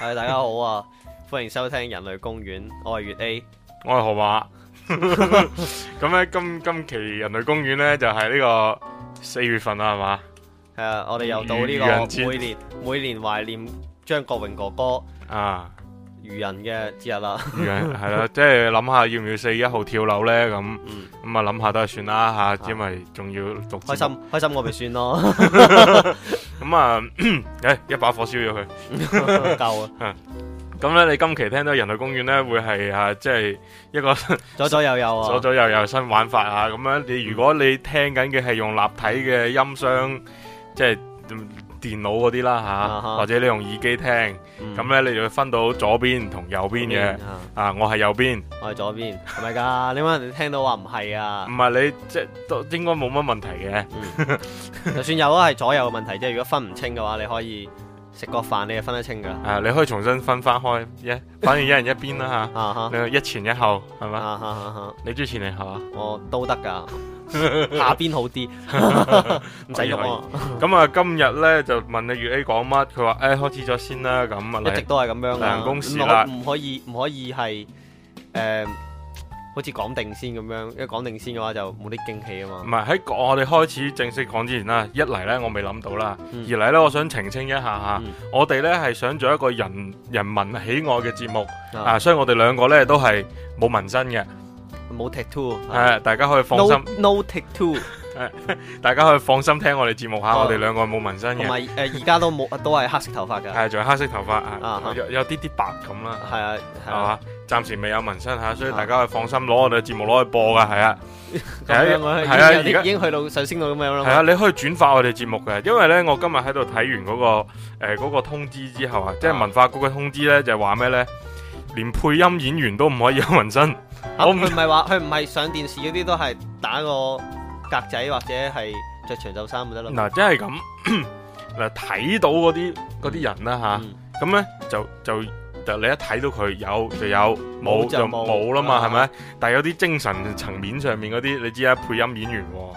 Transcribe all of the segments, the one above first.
係 大家好啊！歡迎收聽《人類公園》，我係月 A，我係何馬。咁 咧， 今今期《人類公園》咧就係、是、呢個四月份啦，係嘛？係啊，我哋又到呢個每年每年懷念張國榮哥哥啊。愚人嘅節日啦，愚人，係啦，即係諗下要唔要四月一號跳樓咧咁，咁啊諗下都係算啦吓，因為仲要讀、啊。開心開心我咪算咯， 咁啊，唉、哎、一把火燒咗佢，夠 啊、嗯！咁咧，你今期聽到人類公園咧會係啊，即、就、係、是、一個左左右右、啊，左左右右新玩法啊！咁樣你如果你聽緊嘅係用立體嘅音箱，即、嗯、係、就是。電腦嗰啲啦嚇，或者你用耳機聽，咁咧，uh-huh. 你就會分到左邊同右邊嘅啊，我係右邊，我係左邊，係咪㗎？ 你問人哋聽到話唔係啊？唔係你即係都應該冇乜問題嘅，嗯、 就算有都係左右嘅問題即係。如果分唔清嘅話，你可以。食個飯你係分得清㗎？誒、啊，你可以重新分翻開一，yeah, 反正一人一邊啦吓， 啊哈！你一前一後係咪？啊啊啊你中意前定後啊？我都得㗎， 下邊好啲，唔使鬱。咁 啊，今日咧就問你粵 A 講乜？佢話誒開始咗先啦。咁啊，一直都係咁樣啦、啊。唔可以唔可以係誒？好似講定先咁樣，因為講定先嘅話就冇啲驚喜啊嘛。唔係喺講我哋開始正式講之前啦，一嚟咧我未諗到啦，嗯、二嚟咧我想澄清一下吓，嗯、我哋咧係想做一個人人民喜愛嘅節目啊，啊，所以我哋兩個咧都係冇紋身嘅，冇 tattoo，係、啊啊、大家可以放心 no，no tattoo。 大家可以放心聽我哋節目吓，Oh. 我哋兩個冇紋身嘅，同埋誒而家都冇，都係黑色頭髮嘅，係 仲有黑色頭髮啊、uh -huh.，有啲啲白咁啦，係、uh、啊 -huh.，係嘛，暫時未有紋身吓，所以大家可以放心攞、uh -huh. 我哋嘅節目攞去播噶，係啊，係 啊已，已經去到上升到咁樣咯，係啊，你可以轉發我哋節目嘅，因為咧我今日喺度睇完嗰、嗰個誒、呃嗰個通知之後啊，即、uh、係 -huh. 文化局嘅通知咧就話咩咧，連配音演員都唔可以有紋身，啊、我唔係話佢唔係上電視嗰啲，都係打個。格仔或者係着長袖衫咪得咯。嗱、就是，即係咁，嗱睇到嗰啲啲人啦吓，咁、啊、咧、嗯、就就就你一睇到佢有就有，冇就冇啦嘛，係咪？啊、但係有啲精神層面上面嗰啲，你知啊，配音演員、啊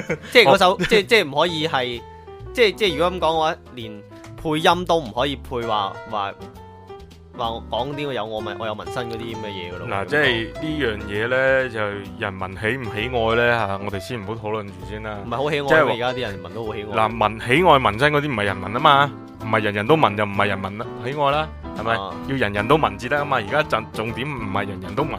即那 即，即係嗰首，即即唔可以係，即即如果咁講嘅話，連配音都唔可以配話話。話講啲有我咪我有紋身嗰啲咁嘅嘢噶咯。嗱、啊，即係呢樣嘢咧就人民喜唔喜愛咧吓，我哋先唔好討論住先啦。唔係好喜愛，而家啲人民都好喜愛。嗱，紋喜愛紋身嗰啲唔係人民啊嘛，唔係人人都紋就唔係人民啦。喜愛啦，係咪、啊？要人人都紋至得啊嘛，而家重重點唔係人人都紋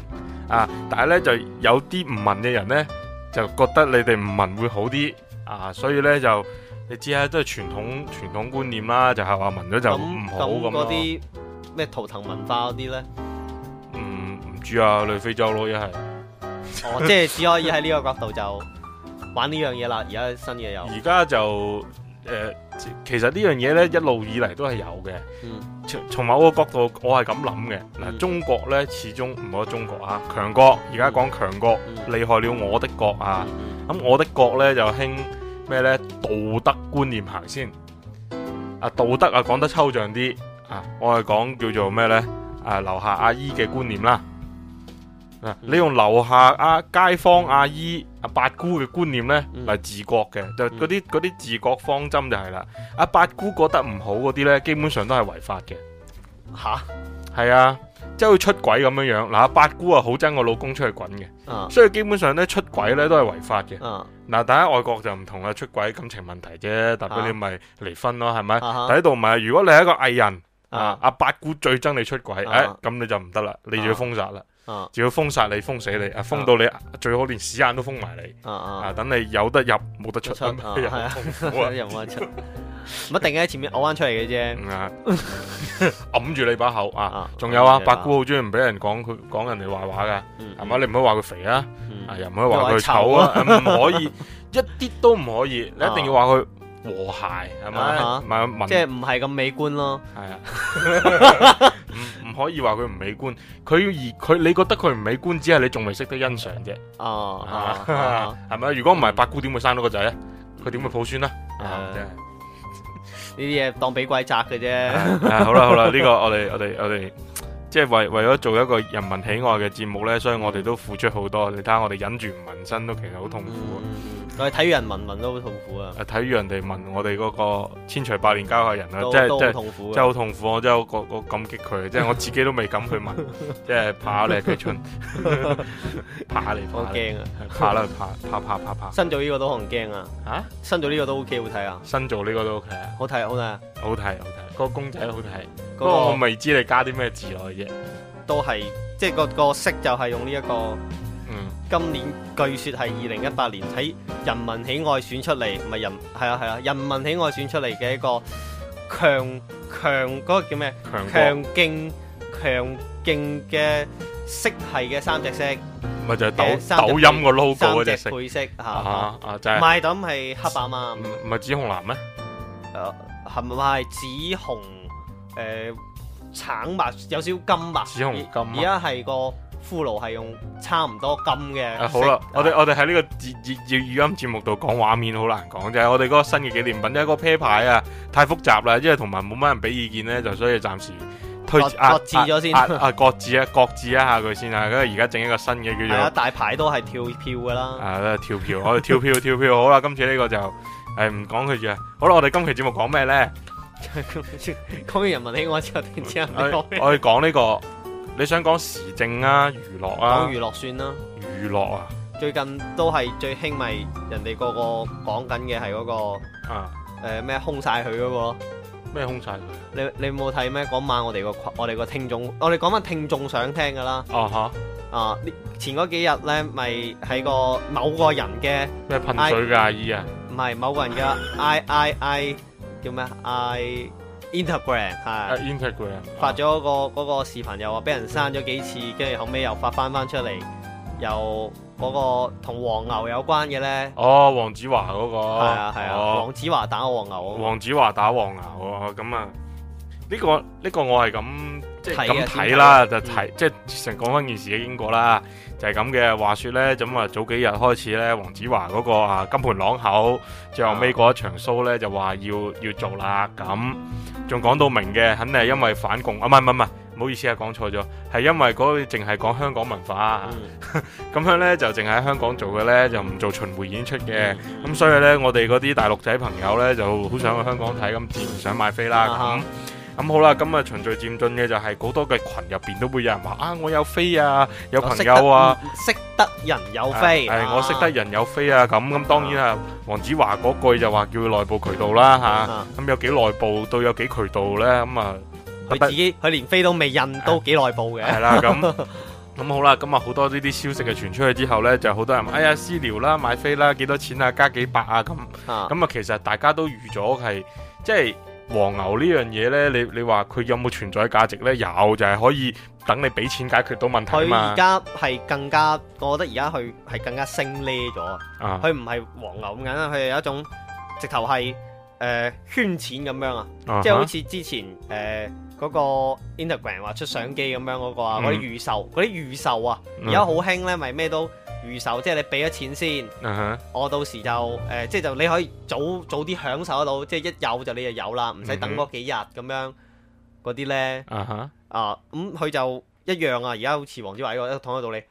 啊，但係咧就有啲唔紋嘅人咧就覺得你哋唔紋會好啲啊，所以咧就你知啦，都係傳統傳統觀念啦，就係話紋咗就唔好咁咯。咩圖騰文化嗰啲呢？唔、嗯、唔知啊，類非洲咯，一係哦， 即係只可以喺呢個角度就玩呢樣嘢啦。而家新嘢有，而家就誒、呃，其實呢樣嘢呢一路以嚟都係有嘅。從、嗯、某個角度，我係咁諗嘅嗱。中國呢始終唔好中國啊，強國而家講強國，厲、嗯、害了我的國啊！咁、嗯、我的國呢就興咩呢？道德觀念行先啊，道德啊，講得抽象啲。啊、我係講叫做咩呢？啊，樓下阿姨嘅觀念啦，嗱、嗯，你用樓下阿、啊、街坊阿姨阿、啊、八姑嘅觀念呢，嚟、嗯、治國嘅，就嗰啲嗰啲治國方針就係啦。阿、啊、八姑覺得唔好嗰啲呢，基本上都係違法嘅。吓，係啊，即、就、係、是、會出軌咁樣樣。嗱、啊，阿八姑啊，好憎我老公出去滾嘅、啊，所以基本上呢，出軌呢都係違法嘅。嗱、嗯啊啊，但喺外國就唔同啦，出軌感情問題啫，代表你咪離婚咯，係、啊、咪？呢度唔係，如果你係一個藝人。啊！阿八姑最憎你出軌，誒、啊，咁、哎、你就唔得啦，你就要封殺啦，就、啊、要封殺你，封死你，啊封到你最好連屎眼都封埋你，啊等、啊啊、你有得入冇得出，係啊，冇得出，啊啊、哈哈 一定喺前面咬返出嚟嘅啫。揞、啊嗯嗯啊、住你把口啊！仲、啊、有啊，八姑好中意唔俾人講佢講人哋壞話嘅，係、嗯、嘛、啊嗯啊？你唔可以話佢肥啊，啊又唔可以話佢醜啊，唔可以一啲都唔可以，你一定要話佢。和諧係咪，即係唔係咁美觀咯。係啊，唔 唔可以話佢唔美觀，佢而佢你覺得佢唔美觀，只係你仲未識得欣賞啫。哦、uh -huh.，係、uh、咪 -huh.？如果唔係，八姑點會生到個仔咧？佢點會抱孫咧？呢啲嘢當俾鬼責嘅啫。好啦好啦，呢個我哋我哋我哋。即係為為咗做一個人民喜愛嘅節目咧，所以我哋都付出好多。你睇下我哋忍住唔問身都其實好痛苦。啊、嗯。我哋睇人問問都好痛苦啊！睇住人哋問我哋嗰個千錘百煉交嘅人啊，即係即係即係好痛苦。我真係好感激佢， 即係我自己都未敢去問， 即係怕我哋出，怕下嚟方驚啊！怕啦怕你怕你 怕怕怕，怕，怕。新做呢個都可能驚啊！嚇，新做呢個都 OK 好睇啊！新做呢個都 OK 好睇好睇啊，好睇好睇。好睇好睇好睇好睇那個公仔好似係，不、那個、我未知你加啲咩字落去啫。都係，即、就、係、是、個色就係用呢、這、一個。嗯。今年據說係二零一八年喺人民喜愛選出嚟，唔係人，係啊係啊，人民喜愛選出嚟嘅一個強強嗰個叫咩？強強勁強勁嘅色係嘅三隻色。唔咪就係、是、抖抖音個 logo 嗰隻配色。吓、啊、吓、啊啊，就係、是。唔係咁係黑白嘛？唔係紫紅藍咩？哦、啊。係咪係紫紅誒、呃、橙白有少少金白，紫紅而家係個骷髏係用差唔多金嘅、啊。好啦、啊，我哋我哋喺呢個熱熱語音節目度講畫面好難講，就係、是、我哋嗰個新嘅紀念品，因、嗯、一、那個啤牌啊，太複雜啦，因為同埋冇乜人俾意見咧，就所以暫時推擱置咗先啊，啊擱、啊、置啊擱置一下佢先啊，咁而家整一個新嘅叫做、啊、大牌都係跳票噶啦啊，啊、就是、跳票 我哋跳票跳票，跳票好啦，今次呢個就。誒、欸，唔講佢住啊！好啦，我哋今期節目講咩咧？講 完人民喜惡之後，突然之間我我哋講呢個，你想講時政啊，娛樂啊？講娛樂算啦。娛樂啊！最近都係最興咪人哋個個講緊嘅係嗰個啊誒咩空晒佢嗰個咩空晒佢？你你冇睇咩？嗰晚我哋個我哋個聽眾，我哋講翻聽眾想聽噶啦。哦，吓？啊，啊前嗰幾日咧，咪喺個某個人嘅咩噴水嘅阿姨啊？係某個人嘅 I I I 叫咩？I Instagram 係。Instagram 發咗、那個嗰、啊、個視頻又話俾人刪咗幾次，跟住後尾又發翻翻出嚟，又嗰個同黃牛有關嘅咧。哦，黃子華嗰、那個。係啊係啊，黃、啊哦、子華打黃牛、那個、牛。黃子華打黃牛咁啊！呢、這個呢、這個我係咁。即係咁睇啦，就睇即係成講翻件事嘅英國啦，就係咁嘅話説呢。咁啊早幾日開始呢，黃子華嗰個啊金盆啷口最後尾嗰一場 show 呢，就話要要做啦，咁仲講到明嘅，肯定係因為反共啊唔唔唔，唔好意思啊，講錯咗，係因為嗰個淨係講香港文化，咁、嗯、 樣呢，就淨係香港做嘅呢，就唔做巡迴演出嘅，咁、嗯、所以呢，我哋嗰啲大陸仔朋友呢，就好想去香港睇，咁自然想買飛啦咁。嗯咁、嗯、好啦，咁啊循序漸進嘅就係好多嘅群入邊都會有人話啊，我有飛啊，有朋友啊，我識，得嗯、識得人有飛，係、啊啊、我識得人有飛啊，咁咁當然啊，黃子華嗰句就話叫內部渠道啦吓，咁、啊啊、有幾內部到有幾渠道咧，咁啊，佢自己佢佢連飛都未印都幾內部嘅，係啦咁，咁 好啦，咁啊好多呢啲消息嘅傳出去之後咧、嗯，就好多人、嗯、哎呀私聊啦買飛啦幾多錢啊加幾百啊咁，咁啊其實大家都預咗係即係。黃牛呢樣嘢呢，你你話佢有冇存在的價值呢？有就係、是、可以等你俾錢解決到問題啊嘛！佢而家係更加，我覺得而家佢係更加升呢咗啊！佢唔係黃牛咁樣啦，佢有一種直頭係誒圈錢咁樣啊，是、呃那個、啊！即係好似之前誒嗰個 Instagram 話出相機咁樣嗰個啊，嗰啲預售嗰啲、嗯、預售啊，而家好興呢，咪咩都～預售即係你俾咗錢先，uh -huh. 我到時就誒、呃，即係就你可以早早啲享受得到，即係一有就你就有啦，唔使等嗰幾日咁、uh -huh. 樣嗰啲呢。Uh -huh. 啊咁佢、嗯、就一樣啊，而家好似黃子華喎，一講得到你，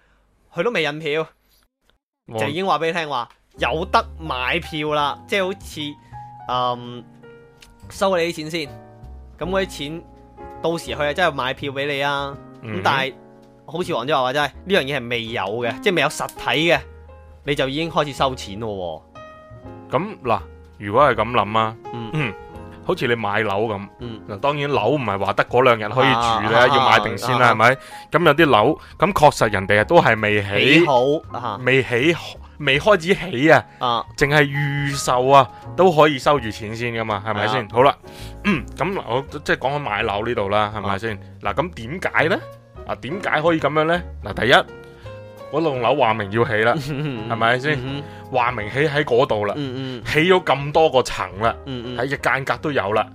佢都未印票，oh. 就已經話俾你聽話有得買票啦，即係好似嗯收你啲錢先，咁嗰啲錢、oh. 到時佢係真係買票俾你啊，咁、uh -huh. 但係。好似黃子華話話齋，呢樣嘢係未有嘅，即係未有實體嘅，你就已經開始收錢咯。咁嗱，如果係咁諗啊，嗯，嗯，好似你買樓咁，嗱、嗯，當然樓唔係話得嗰兩日可以住咧、啊，要買定先啦、啊，係、啊、咪？咁、啊、有啲樓咁確實人哋啊都係未起，起好，啊、未起未開始起啊，啊，淨係預售啊都可以收住錢先噶嘛，係咪先？好啦，嗯，咁我即係講緊買樓、啊、呢度啦，係咪先？嗱，咁點解咧？嗱、啊，點解可以咁樣呢？嗱，第一，嗰六棟樓話明要起啦，係咪先？話、嗯、明起喺嗰度啦，起咗咁多個層啦，喺嘅間隔都有啦。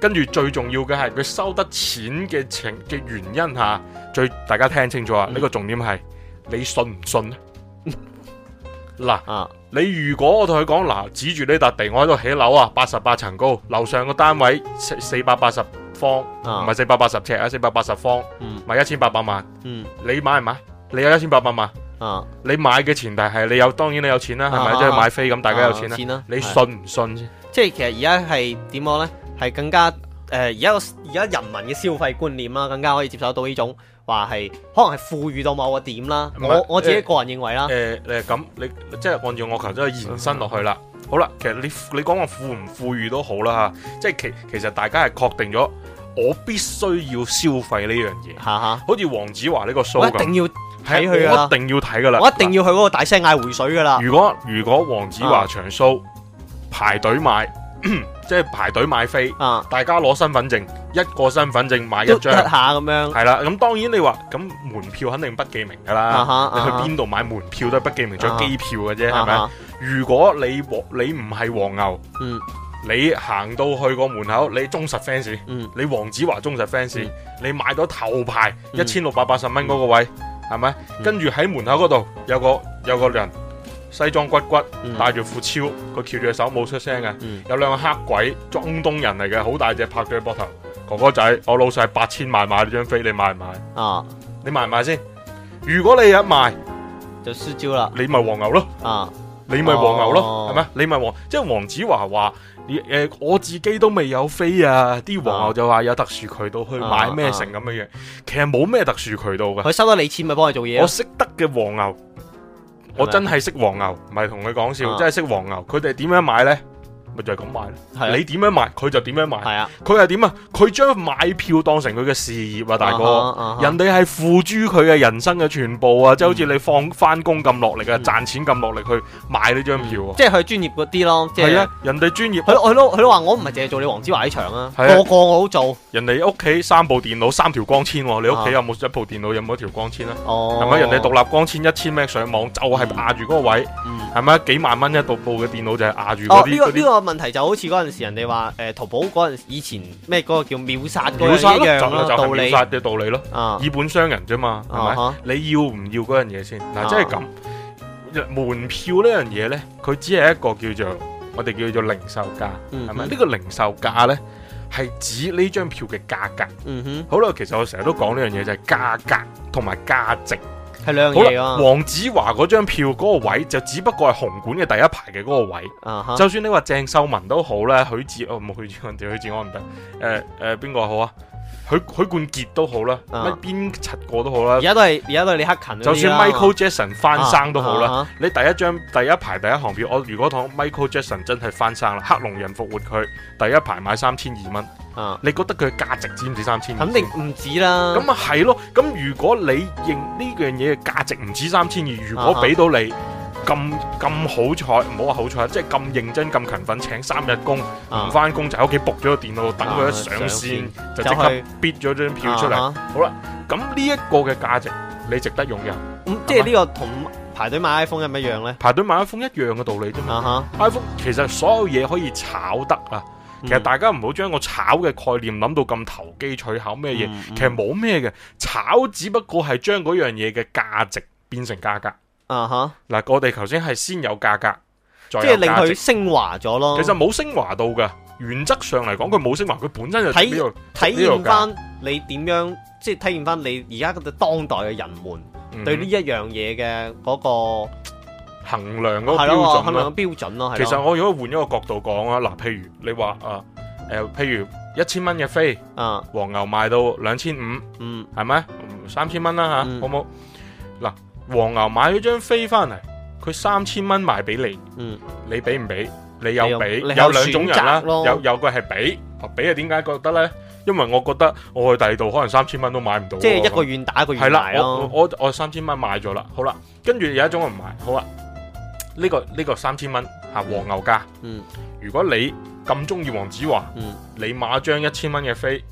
跟、嗯、住最重要嘅係佢收得錢嘅情嘅原因吓，最大家聽清楚啊！呢、嗯這個重點係你信唔信咧？嗱、 啊，你如果我同佢講嗱，指住呢笪地，我喺度起樓啊，八十八層高，樓上個單位四四百八十。方唔係四百八十尺啊，四百八十方，咪一千八百萬。嗯，你買唔買？你有一千八百萬啊？你買嘅前提係你有，當然你有錢啦，係咪？即、啊、係、就是、買飛咁、啊，大家有錢啦、啊。錢啦、啊，你信唔信先？即係其實而家係點樣咧？係更加誒，而家而家人民嘅消費觀念啦、啊，更加可以接受到呢種話係可能係富裕到某個點啦。我我自己個人認為啦、呃。誒、呃、誒，咁、呃、你即係按照我頭先延伸落去啦、啊。好啦，其實你你講個富唔富裕都好啦吓，即係其其實大家係確定咗。我必須要消費呢樣嘢，嚇嚇，好似黃子華呢個 show，一定要睇佢啊！我一定要睇噶啦，我一定要去嗰個大聲嗌回水噶啦。如果如果黃子華場 show，、uh -huh. 排隊買，即係、就是、排隊買飛，uh -huh. 大家攞身份證，一個身份證買一張，下咁樣。係啦，咁當然你話，咁門票肯定不記名噶啦。Uh -huh. Uh -huh. 你去邊度買門票都係不記名，仲有機票嘅啫，係、uh、咪 -huh.？如果你你唔係黃牛，嗯、uh -huh.。你行到去個門口，你忠實 fans，、嗯、你黃子華忠實 fans，、嗯、你買咗頭排，一千六百八十蚊嗰個位，係、嗯、咪、嗯？跟住喺門口嗰度有個有個人西裝骨骨，戴、嗯、住副超，佢翹住隻手冇出聲嘅、嗯，有兩個黑鬼中東人嚟嘅，好大隻拍住隻膊頭，哥哥仔，我老細八千萬買呢張飛，你買唔買？啊，你買唔買先？如果你一賣就輸焦啦，你咪黃牛咯，啊，你咪黃牛咯，係、啊、咪？你咪黃，哦、即係黃子華話。誒，我自己都未有飛啊！啲黃牛就話有特殊渠道去買咩成咁嘅嘢，其實冇咩特殊渠道嘅。佢收得你錢咪幫你做嘢。我識得嘅黃牛，我真係識黃牛，唔係同佢講笑，真係識黃牛。佢哋點樣買呢？咪就係咁賣，你點樣賣佢就點樣賣。係啊，佢係點啊？佢將買票當成佢嘅事業啊，大哥。Uh -huh, uh -huh 人哋係付諸佢嘅人生嘅全部啊，即、uh、係 -huh、好似你放翻工咁落力啊，賺、uh -huh、錢咁落力去買呢張票、啊 uh -huh 嗯。即係佢專業嗰啲咯。係啊，就是、人哋專業。佢佢都佢話，我唔係淨係做你黃子華呢場啊，啊，個個我都做。人哋屋企三部電腦三條光纖，你屋企有冇一部電腦有冇一條光纖啊？哦。係咪、啊 uh -huh、人哋獨立光纖一千 m 上網就係壓住嗰個位？係、uh、咪 -huh、幾萬蚊一度部嘅電腦就係壓住嗰啲？Uh -huh 問題就好似嗰陣時人哋話誒，淘寶嗰陣以前咩嗰、那個叫秒殺嗰個一樣啦，道理、就是、秒殺嘅道理咯、啊，以本傷人啫嘛，係、uh、咪 -huh,？你要唔要嗰、uh -huh, 樣嘢先嗱？即係咁門票呢樣嘢咧，佢只係一個叫做我哋叫做零售價，係、uh、咪 -huh,？呢、這個零售價咧係指呢張票嘅價格，嗯哼。好啦，其實我成日都講呢樣嘢就係、是、價格同埋價值。係兩樣嘢。黃子華嗰張票嗰個位就只不過係紅館嘅第一排嘅嗰個位，uh-huh. 就算你話鄭秀文都好咧，許志哦冇許志，掉許志安唔得，誒誒邊個好啊？許許冠傑、啊、都好啦，乜邊七個都好啦。而家都係，而家都係李克勤。就算 Michael Jackson 翻生都好啦、啊啊啊啊，你第一張第一排第一行票，我如果同 Michael Jackson 真係翻生啦，黑龍人復活佢，第一排買三千二蚊，你覺得佢價值止唔止三千二？肯定唔止啦。咁啊係咯，咁如果你認呢樣嘢嘅價值唔止三千二，如果俾到你？啊啊咁咁好彩，唔好話好彩，即係咁認真咁勤奮，請三日工，唔翻工就喺屋企駁咗個電腦，等佢一上線，啊、上就即刻必咗張票出嚟、啊啊。好啦，咁呢一個嘅價值，你值得擁有、嗯。即係呢個同排隊買 iPhone 一唔一樣呢？排隊買 iPhone 一樣嘅道理啫嘛、啊啊啊啊。iPhone 其實所有嘢可以炒得啊、嗯，其實大家唔好將個炒嘅概念諗到咁投機取巧咩嘢、嗯嗯，其實冇咩嘅，炒只不過係將嗰樣嘢嘅價值變成價格。啊吓嗱，我哋頭先係先有價格，再有價值即係令佢升華咗咯。其實冇升華到噶，原則上嚟講佢冇升華，佢本身就睇體現翻你點樣，即係體現翻你而家嘅當代嘅人們、嗯、對呢一樣嘢嘅嗰個衡量嗰個標準標準咯、啊。其實我如果換一個角度講啊，嗱，譬如你話啊，誒、呃，譬如一千蚊嘅飛，啊、嗯，黃牛賣到兩千五，嗯，係咪三千蚊啦吓、嗯，好冇嗱？黃牛買咗張飛翻嚟，佢三千蚊賣俾你，嗯，你俾唔俾？你有美有兩種人啦，有有個係俾，俾啊點解覺得呢？因為我覺得我去第二度可能三千蚊都買唔到，即係一個遠打一個遠買咯。我我，我三千蚊買咗啦，好啦，跟住有一種唔買，好啊，呢、這個呢、這個三千蚊吓黃牛價，嗯，如果你。咁中意黃子華、嗯，你買張一,一千蚊嘅飛，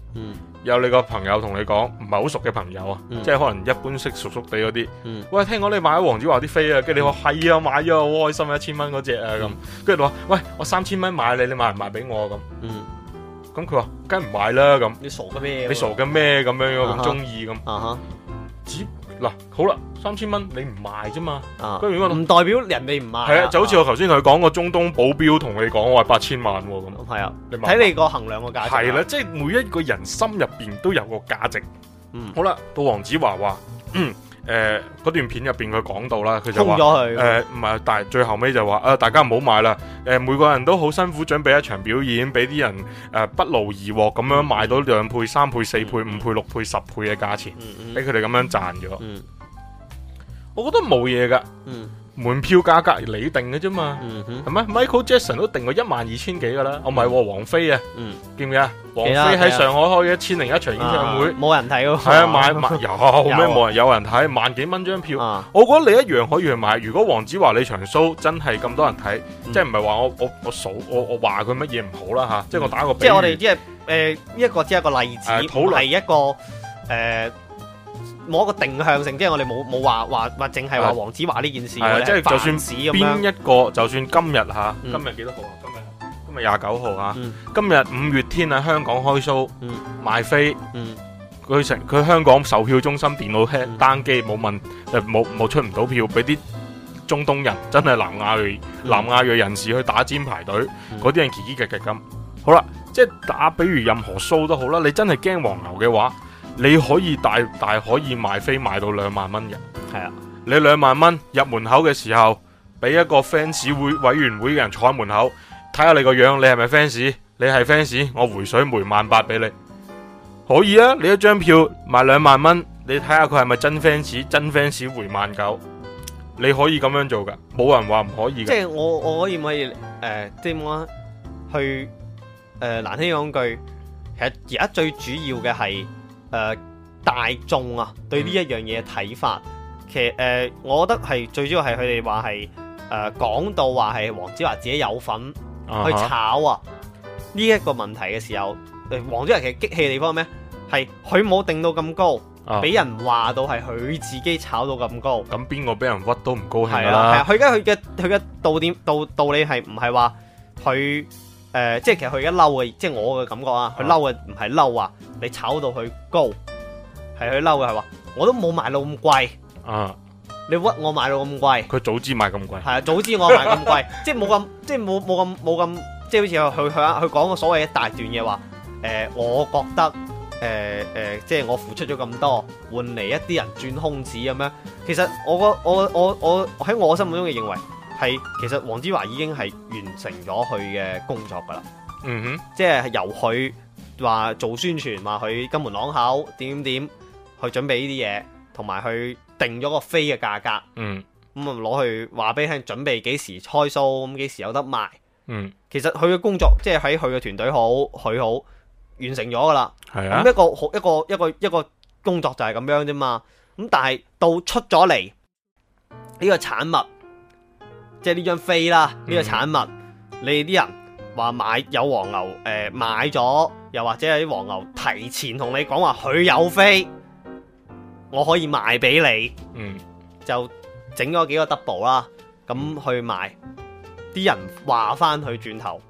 有你個朋友同你講，唔係好熟嘅朋友啊、嗯，即係可能一般識叔叔哋嗰啲，喂，聽講你買咗黃子華啲飛啊，跟住你話係、嗯、啊，買咗，好開心啊，一千蚊嗰隻啊咁，跟住話喂，我三千蚊買你，你賣唔賣俾我啊咁，咁佢話梗唔買啦咁，你傻嘅咩？你傻嘅咩？咁樣咁中意咁。嗱、啊，好啦，三千蚊你唔賣啫嘛，跟如果唔代表人哋唔賣、啊，係啊，就好似我頭先同佢講個中東保鏢同你講，我八千萬咁，係啊，睇、啊、你個衡量個價值、啊，係啦、啊，即係每一個人心入邊都有個價值，嗯，好啦，到黃子華話，嗯。嗯誒、呃，嗰段片入邊佢講到啦，佢就話誒，唔係、呃，但係最後尾就話啊、呃，大家唔好買啦。誒、呃，每個人都好辛苦準備一場表演，俾啲人誒、呃、不勞而獲咁樣買到兩倍、三倍、四倍、嗯、五倍、六倍、嗯、十倍嘅價錢，俾佢哋咁樣賺咗、嗯。我覺得冇嘢噶。嗯門票價格你定嘅啫嘛，係、嗯、咪 Michael Jackson 都定過一萬二千幾嘅啦？哦，唔係、哦，王菲啊，嗯、記唔記啊？王菲喺上海開一千零一場演唱會，冇人睇咯。係啊，買買、啊、有咩冇、啊、人？有人睇萬幾蚊張票、啊，我覺得你一樣可以去買。如果黃子華你場 show 真係咁多人睇、嗯，即係唔係話我我我數我我話佢乜嘢唔好啦吓、啊嗯，即係我打個比，即係我哋即係誒呢一個只係一,一個例子，係、啊、一個誒。呃冇一個定向性，即係我哋冇冇話話係淨係話黃子華呢件事，是即係就算邊一個，就算今日吓，啊嗯、今日幾多號啊？今日，日、啊嗯、今日廿九號啊！今日五月天喺香港開 show，、嗯、賣飛，佢、嗯、成佢香港售票中心電腦黑、嗯、單機，冇問誒冇冇出唔到票，俾啲中東人，真係南亞、嗯、南亞裔人士去打尖排隊，嗰、嗯、啲人奇嘰嘅。喳咁。好啦，即係打比如任何 show 都好啦，你真係驚黃牛嘅話。你可以大大可以賣飛賣到兩萬蚊，嘅係啊。你兩萬蚊入門口嘅時候，俾一個 fans 會委員會嘅人坐喺門口睇下你個樣，你係咪 fans？你係 fans，我回水回萬八俾你可以啊。你一張票賣兩萬蚊，你睇下佢係咪真 fans？真 fans 回萬九，你可以咁樣做噶，冇人話唔可，可，可以。呃、即係我我可以唔可以誒點講去誒難聽講句，其實而家最主要嘅係。誒、呃、大眾啊，對呢一樣嘢嘅睇法，嗯、其實誒、呃，我覺得係最主要係佢哋話係誒講到話係黃子華自己有份去炒啊呢一、uh -huh、個問題嘅時候，誒黃子華其實激氣嘅地方咩？係佢冇定到咁高，俾、uh -huh、人話到係佢自己炒到咁高。咁邊個俾人屈都唔高興啦？係啊，佢而家佢嘅佢嘅道點道道理係唔係話佢？誒、呃，即係其實佢而家嬲嘅，即係我嘅感覺啊！佢嬲嘅唔係嬲啊，你炒到佢高，係佢嬲嘅係話，我都冇買到咁貴啊！你屈我買到咁貴，佢早知買咁貴，係啊，早知我買咁貴，即係冇咁，即係冇冇咁冇咁，即係好似佢佢佢講嘅所謂一大段嘢話，誒、呃，我覺得，誒、呃、誒、呃，即係我付出咗咁多，換嚟一啲人轉空子咁樣，其實我我我我我喺我心目中嘅認為。係，其實黃子華已經係完成咗佢嘅工作噶啦。嗯哼，即係由佢話做宣傳，話佢金門朗口點點點去準備呢啲嘢，同埋去定咗個飛嘅價格。嗯，咁啊攞去話俾聽，準備幾時開 show，咁幾時有得賣。嗯，其實佢嘅工作即係喺佢嘅團隊好，佢好完成咗噶啦。係啊，咁一個一個一個一個工作就係咁樣啫嘛。咁但係到出咗嚟，呢個產物即係呢張飛啦，呢、嗯、個產物，你哋啲人話買有黃牛，誒、呃、買咗，又或者係啲黃牛提前同你講話佢有飛，嗯、我可以賣俾你，嗯，就整咗幾個 double 啦，咁去賣，啲人話翻佢轉頭，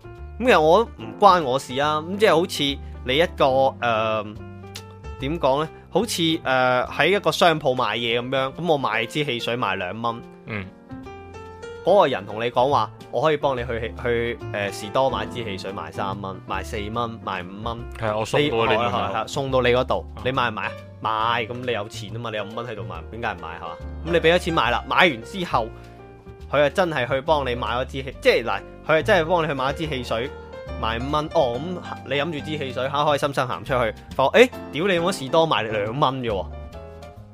咁其實我都唔關我事啊，咁即係好似你一個誒點講呢？好似誒喺一個商鋪買嘢咁樣，咁我買支汽水賣兩蚊，嗯。嗰、那個人同你講話，我可以幫你去去誒、呃、士多買支汽水賣三蚊、賣四蚊、賣五蚊。係我送你，你、哦、你送到你嗰度，啊、你買唔買啊？買，咁你有錢啊嘛？你有五蚊喺度買，點解唔買係嘛？咁你俾咗錢買啦，買完之後，佢啊真係去幫你買咗支汽，即係嗱，佢啊真係幫你去買一支汽水賣五蚊。哦，咁你飲住支汽水，開開心心行出去，話，誒、欸，屌你冇士多賣你兩蚊嘅喎。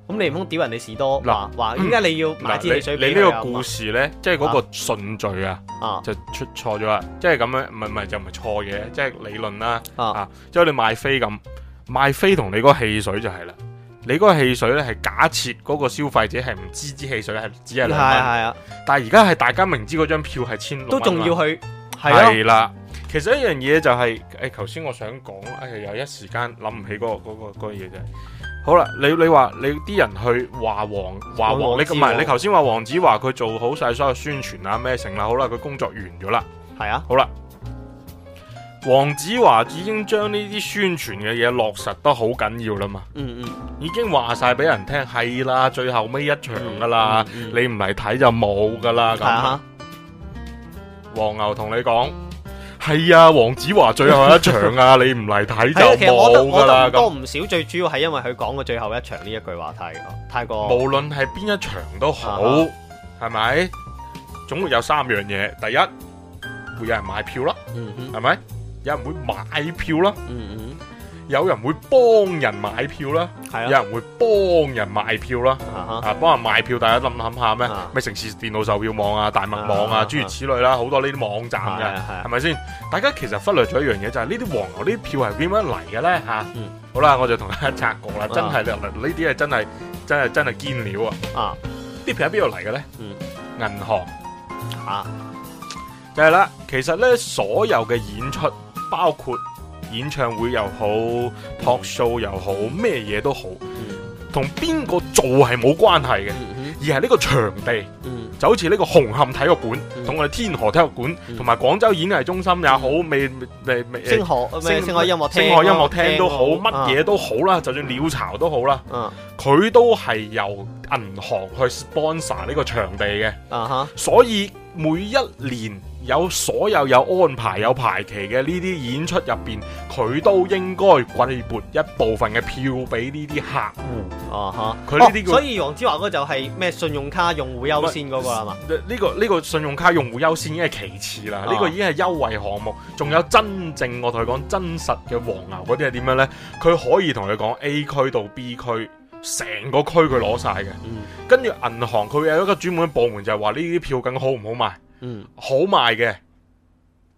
咁你唔好屌人哋士多，話話依家你要買支汽水。你呢個故事咧，即係嗰個順序啊，啊，就出錯咗啦。即係咁樣，唔係唔係就唔係錯嘅，即、就、係、是、理論啦、啊。啊、即、啊、係、就是、你哋賣飛咁，賣飛同你嗰個汽水就係啦。你嗰個汽水咧係假設嗰個消費者係唔知支汽水係只係兩蚊係啊但係而家係大家明知嗰張票係千六，都仲要去係啦、啊。其實一樣嘢就係、是，誒、哎，頭先我想講，誒、哎，有一時間諗唔起嗰、那個、那個嘢、那個好啦，你你話你啲人去話黃話黃，黃，黃，黃，你唔係你頭先話黃子華佢做好晒所有宣傳啊咩成啦，好啦，佢工作完咗啦。係啊，好啦，黃子華已經將呢啲宣傳嘅嘢落實得好緊要啦嘛。嗯嗯，已經話晒俾人聽係啦，最後尾一場噶啦，嗯嗯嗯你唔嚟睇就冇噶啦。咁啊，黃牛同你講。係啊，黃子華最後一場啊， 你唔嚟睇就冇噶、啊、得，我覺得不。不多唔少，最主要係因為佢講過最後一場呢一句話題，太，太過。無論係邊一場都好，係、uh、咪 -huh.？總共有三樣嘢，第一會有人買票啦，係、mm、咪 -hmm.？有人會買票、mm、-hmm. 嗯 -hmm. .有人會幫人買票啦，係啊！有人會幫人賣票啦、啊，啊！幫人賣票，大家諗諗下咩？咩、啊、城市電腦售票網啊、大麥網啊，諸、啊、如此類啦、啊，好、啊、多呢啲網站嘅，係咪先？大家其實忽略咗一樣嘢，就係、是、呢啲黃牛，呢啲票係點樣嚟嘅咧？吓，好啦，我就同大家拆局啦，真係呢啲係真係，真係真係堅料啊！啊，啲票喺邊度嚟嘅咧？嗯，銀行啊，啊，就係、是、啦。其實咧，所有嘅演出包括。演唱會又好，talk show 又好，咩嘢都好，同邊個做係冇關係嘅、嗯嗯，而係呢個場地，嗯、就好似呢個紅磡體育館，同、嗯、我哋天河體育館，同、嗯、埋廣州演藝中心也好，嗯、未，未，未星河星星海音樂星海音樂廳都好，乜嘢都好啦，就算鳥巢也好、啊、都好啦，佢都係由銀行去 sponsor 呢個場地嘅、啊，所以每一年。有所有有安排有排期嘅呢啲演出入邊，佢都應該割撥一部分嘅票俾呢啲客戶、啊。哦，吓，佢呢啲，所以黃子華嗰就係咩信用卡用戶優先嗰、嗰個啦嘛？呢、啊呢個呢、呢個信用卡用戶優先已經係其次啦，呢、啊呢個已經係優惠項目。仲有真正我同佢講真實嘅黃牛嗰啲係點樣呢？佢可以同你講 A 區到 B 區成個區佢攞晒嘅，跟住銀行佢有一個專門部門就係話呢啲票更好唔好賣。嗯，好賣嘅。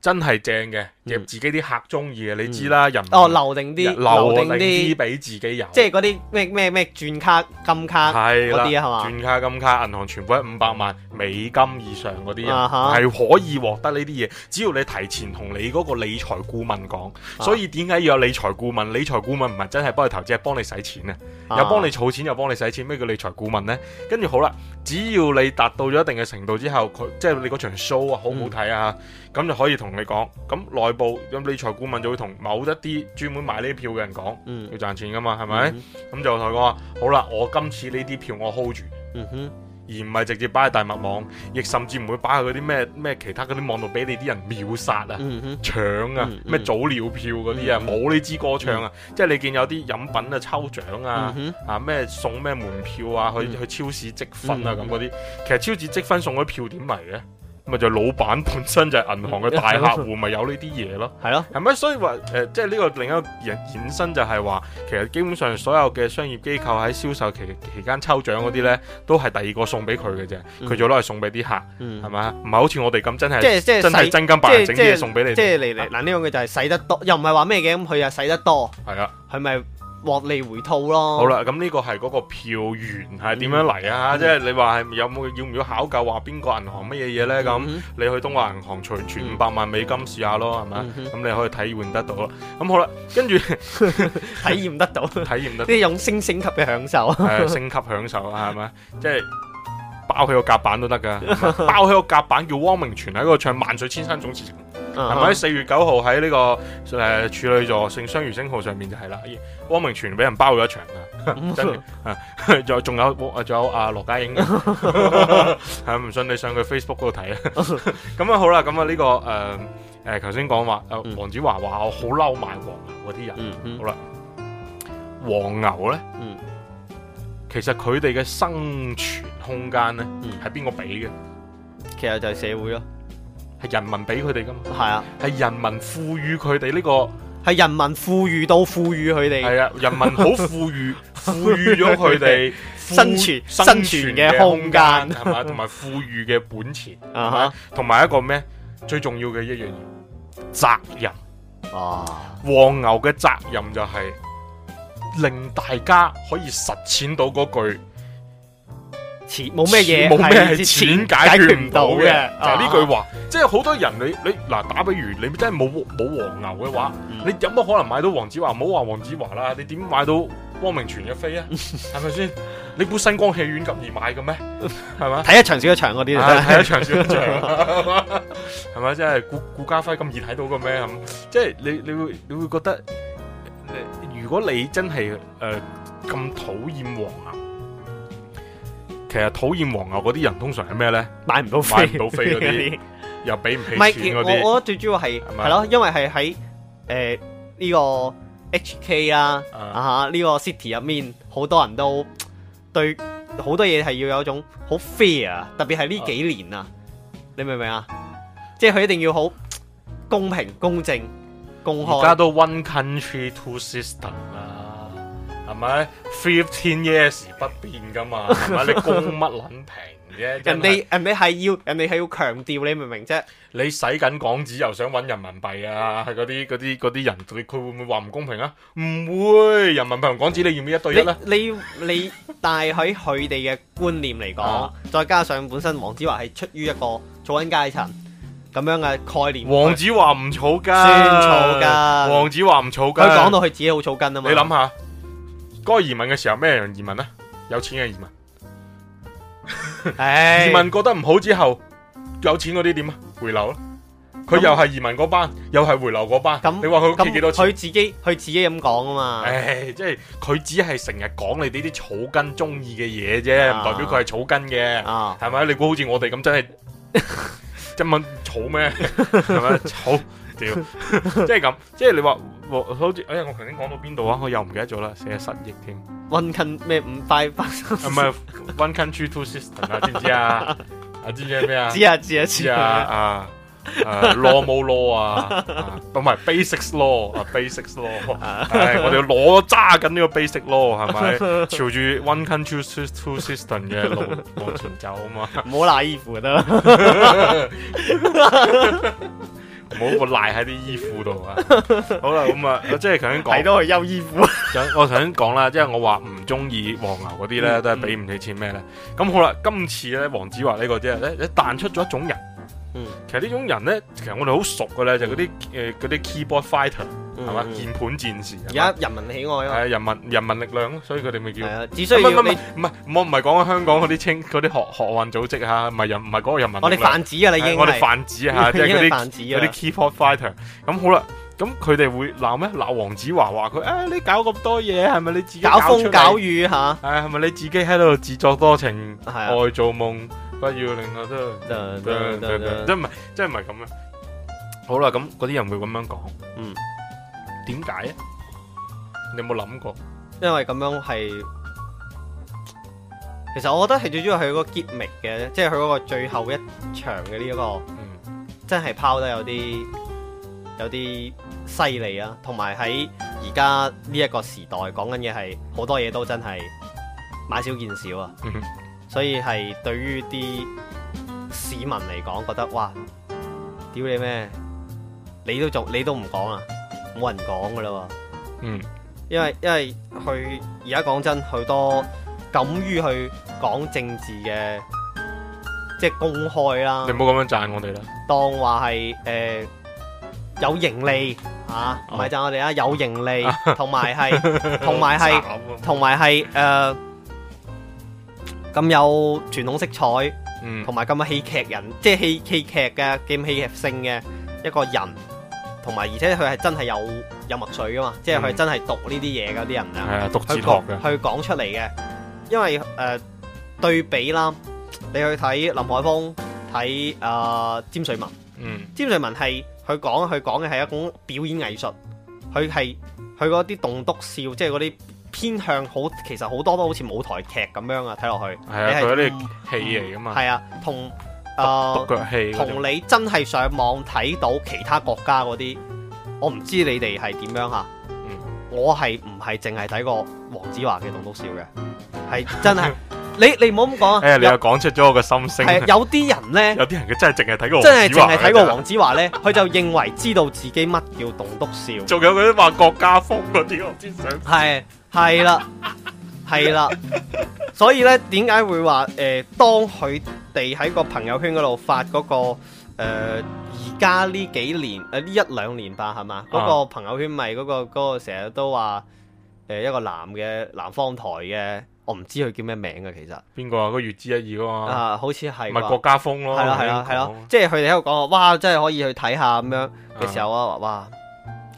真係正嘅、嗯，自己啲客中意嘅，你知啦。人哦留定啲，留定啲俾自己有即。即係嗰啲咩咩咩鑽卡金卡嗰啲係嘛？鑽卡金卡，銀行全部係五百萬美金以上嗰啲人係、啊、可以獲得呢啲嘢。只要你提前同你嗰個理財顧問講、啊，所以點解要有理財顧問？理財顧問唔係真係幫你投資，係幫你使錢啊！又幫你儲錢，又幫你使錢。咩叫理財顧問呢？跟住好啦，只要你達到咗一定嘅程度之後，佢即係你嗰場 show 好好啊，好唔好睇啊！咁就可以同你講，咁內部咁理財顧問就會同某一啲專門買呢啲票嘅人講、嗯，要賺錢噶嘛，係咪？咁、嗯、就同佢講好啦，我今次呢啲票我 hold 住，嗯、而唔係直接擺喺大麥網，亦甚至唔會擺喺嗰啲咩咩其他嗰啲網度俾你啲人秒殺啊、嗯、搶啊、咩、嗯嗯、早鳥票嗰啲啊，冇、嗯、呢支歌唱啊。嗯、即係你見有啲飲品啊抽獎啊，嗯、啊咩送咩門票啊，去、嗯、去超市積分啊咁嗰啲，其實超市積分送嗰啲票點嚟嘅？咪就係、老闆本身就係銀行嘅大客戶，咪有呢啲嘢咯。係咯，係咪？所以話誒，即係呢個另一個引申就係話，其實基本上所有嘅商業機構喺銷售期期間抽獎嗰啲咧，嗯、都係第二個送俾佢嘅啫。佢、嗯、就攞嚟送俾啲客，係咪啊？唔係好似我哋咁真係，即係真係真金白銀整嘢送俾你,你，即係嚟嚟嗱呢樣嘅就係使得多，又唔係話咩嘅咁，佢又使得多，係啊？係咪？獲利回吐咯，好啦，咁呢個係嗰個票源係點樣嚟啊？即、mm、係 -hmm. 你話係有冇要唔要考究話邊個銀行乜嘢嘢咧？咁、mm -hmm. 你去東華銀行存存五百萬美金試下咯，係咪？咁、mm -hmm. 你可以體驗得到啦。咁好啦，跟住體驗得到，那好 體驗得到，呢 用得 升星級嘅享受啊，星、 嗯、級享受啊，係咪？即係包起個夾板都得噶，包起個夾板，是是 個甲板叫汪明荃喺嗰度唱《萬水千山總是》 嗯。係咪喺四月九號喺呢個誒處女座聖雙魚星號上面就係啦？汪明荃俾人包咗場 啊，仲有仲有仲有阿羅家英，係 唔 信你上佢 Facebook 嗰度睇啊！咁啊好啦，咁啊呢個誒誒，頭先講話阿黃子華話我好嬲埋黃牛嗰啲人，嗯嗯、好啦，黃牛咧、嗯，其實佢哋嘅生存空間咧，嗯，係邊個俾嘅？其實就係社會咯。係人民俾佢哋噶嘛？係啊，係人民賦予佢哋呢個。係人民賦予到賦予佢哋。係啊，人民好富裕， 賦予咗佢哋生存生存嘅空間，係嘛？同埋富裕嘅本錢啊，吓、uh -huh.，同埋一個咩？最重要嘅一樣嘢，責任啊！黃、uh -huh. 牛嘅責任就係、是、令大家可以實踐到嗰句。錢冇咩嘢，冇咩係錢解決唔到嘅，就呢、啊啊啊、句話，啊、即係好多人你你嗱打比如你真係冇冇黃牛嘅話，嗯、你有乜可能買到黃子華？唔好話黃子華啦，你點買到汪明荃嘅飛 是是 一一 啊？係咪先？你估新光戲院咁易買嘅咩？係咪？睇一場少一場嗰啲，睇一場少一場，係咪真係顧顧家輝咁易睇到嘅咩？即係你你會你會覺得，如果你真係誒咁討厭黃牛。呃 其實討厭黃牛啲人通常係咩咧？買唔到飛，買唔到飛啲，又俾唔起錢嗰啲。唔係，我我最主要係係咯，因為係喺誒呢個 HK 啦啊吓呢、uh, 啊這個 City 入面，好多人都對好多嘢係要有一種好 fair 啊，特別係呢幾年啊，uh, 你明唔明啊？即係佢一定要好公平、公正、公開。而家都 one country two system 啦、啊。係咪？Fifteen years 不變噶嘛？係 咪？你公乜捻平啫？人哋人哋係要人哋係要強調，你明唔明啫？你使緊港紙又想搵人民幣啊？係嗰啲啲啲人，佢會唔會話唔公平啊？唔會，人民幣同港紙你要唔要一對一啦？你你，你但係喺佢哋嘅觀念嚟講， 再加上本身黃子華係出於一個草根階層咁樣嘅概念，黃子華唔草根，算草根。黃子華唔草根，佢講到佢自己好草根啊嘛？你諗下。該移民嘅時候咩人移民啊？有錢嘅移民， hey. 移民過得唔好之後，有錢嗰啲點啊？回流咯。佢又係移民嗰班，又係回流嗰班。咁你話佢屋企幾多錢？佢自己佢自己咁講啊嘛。誒、哎，即係佢只係成日講你啲啲草根中意嘅嘢啫，唔、uh. 代表佢係草根嘅。啊、uh.，係咪你估好似我哋咁真係一蚊草咩？係 咪？草？屌，即係咁，即、就、係、是、你話。好似哎呀，我頭先講到邊度啊？我又唔記得咗啦，寫失憶添。One can 咩五代發生？唔係 One country two systems 啊？知唔知啊？啊知唔知咩啊？知啊知啊知啊啊啊 law 冇 law 啊，同埋 basic law 啊 basic law，我哋要攞揸緊呢個 basic law 係咪？朝住 one country two systems 嘅路往前走啊嘛？唔好拿衣服得啦。冇部賴喺啲衣褲度啊！好啦，咁啊，我即係頭先講你都休衣褲。我頭先講啦，即係 我話唔中意黃牛嗰啲咧，都係俾唔起錢咩咧？咁、嗯、好啦，今次咧，黃子華呢個即係咧，彈出咗一種人。嗯，其實呢種人咧，其實我哋好熟嘅咧，就嗰啲誒，嗰、呃、啲 keyboard fighter。係嘛？鍵、嗯、盤戰士，而家人民喜愛咯。係啊，人民人，人民力量，所以佢哋咪叫、啊。只需唔唔係，我唔係講香港嗰啲青啲學學運組織嚇、啊，唔係人唔係講人民。我哋泛指啊，你已經。我哋泛指嚇，即係嗰啲嗰啲 keyboard fighter。咁好啦，咁佢哋會鬧咩？鬧黃子華話佢誒，你搞咁多嘢係咪你自己搞，搞風搞雨嚇？誒係咪你自己喺度自作多情是、啊、愛做夢，不要令到都即係唔係即係唔係咁咧？好啦，咁嗰啲人會咁樣講，嗯。嗯嗯嗯嗯嗯嗯嗯嗯點解咧？你有冇諗過？因為咁樣係，其實我覺得係最主要佢嗰個揭秘嘅，即係佢嗰個最後一場嘅呢一個，嗯、真係拋得有啲有啲犀利啊！同埋喺而家呢一個時代，講緊嘢，係好多嘢都真係買少見少啊！嗯、所以係對於啲市民嚟講，覺得哇，屌你咩？你都做，你都唔講啊！冇人講噶啦，嗯，因為因為佢而家講真，佢多敢於去講政治嘅，即係公開啦。你唔好咁樣讚我哋啦，當話係誒有盈利啊，唔係讚我哋啊，有盈利，同埋係同埋係同埋係誒咁有傳統色彩，嗯，同埋咁嘅戲劇人，即係戲戲劇嘅兼戲劇性嘅一個人。同埋，而且佢係真係有有墨水噶嘛，即係佢真係讀這些東西的、嗯、些呢啲嘢噶啲人啊，係啊，讀哲學，嘅，去講出嚟嘅。因為誒、呃、對比啦，你去睇林海峰，睇啊詹瑞文，嗯，詹瑞文係佢講，佢講嘅係一種表演藝術，佢係佢嗰啲棟篤笑，即係嗰啲偏向好，其實好多都好似舞台劇咁樣啊，睇落去，係啊，佢啲戲嚟噶嘛，係、嗯、啊、嗯，同。誒、呃，同你真係上網睇到其他國家嗰啲，我唔知你哋係點樣吓。我係唔係淨係睇過黃子華嘅棟篤笑嘅？係真係，你、欸、你唔好咁講，你又講出咗我個心聲。係有啲人呢，有啲人佢真係淨係睇過黃子華，真係淨係睇過黃子華呢，佢就認為知道自己乜叫棟篤笑。仲有嗰啲話國家風嗰啲，我真想係係啦。 係 啦，所以咧，點解會話誒、呃？當佢哋喺個朋友圈嗰度發嗰個誒，而家呢幾年誒呢一兩年吧，係嘛？嗰個朋友圈咪嗰個個成日都話誒，一個男嘅南方台嘅，我唔知佢叫咩名嘅，其實邊個啊？嗰、那個粵知一二噶嘛、啊？啊，好似係唔係郭家峰咯、啊？係啦係啦係啦，即係佢哋喺度講啊，哇！真係可以去睇下咁樣嘅時候啊，話哇！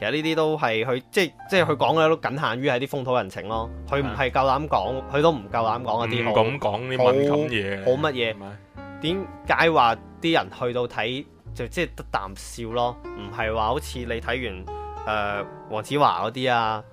其實呢啲都係佢即係即係佢講嘅都僅限於係啲風土人情咯。佢唔係夠膽講，佢都唔夠膽講嗰啲唔敢講啲敏感嘢，好乜嘢？點解話啲人去到睇就即係、就係、得啖笑咯？唔係話好似你睇完誒黃、呃、子華嗰啲啊，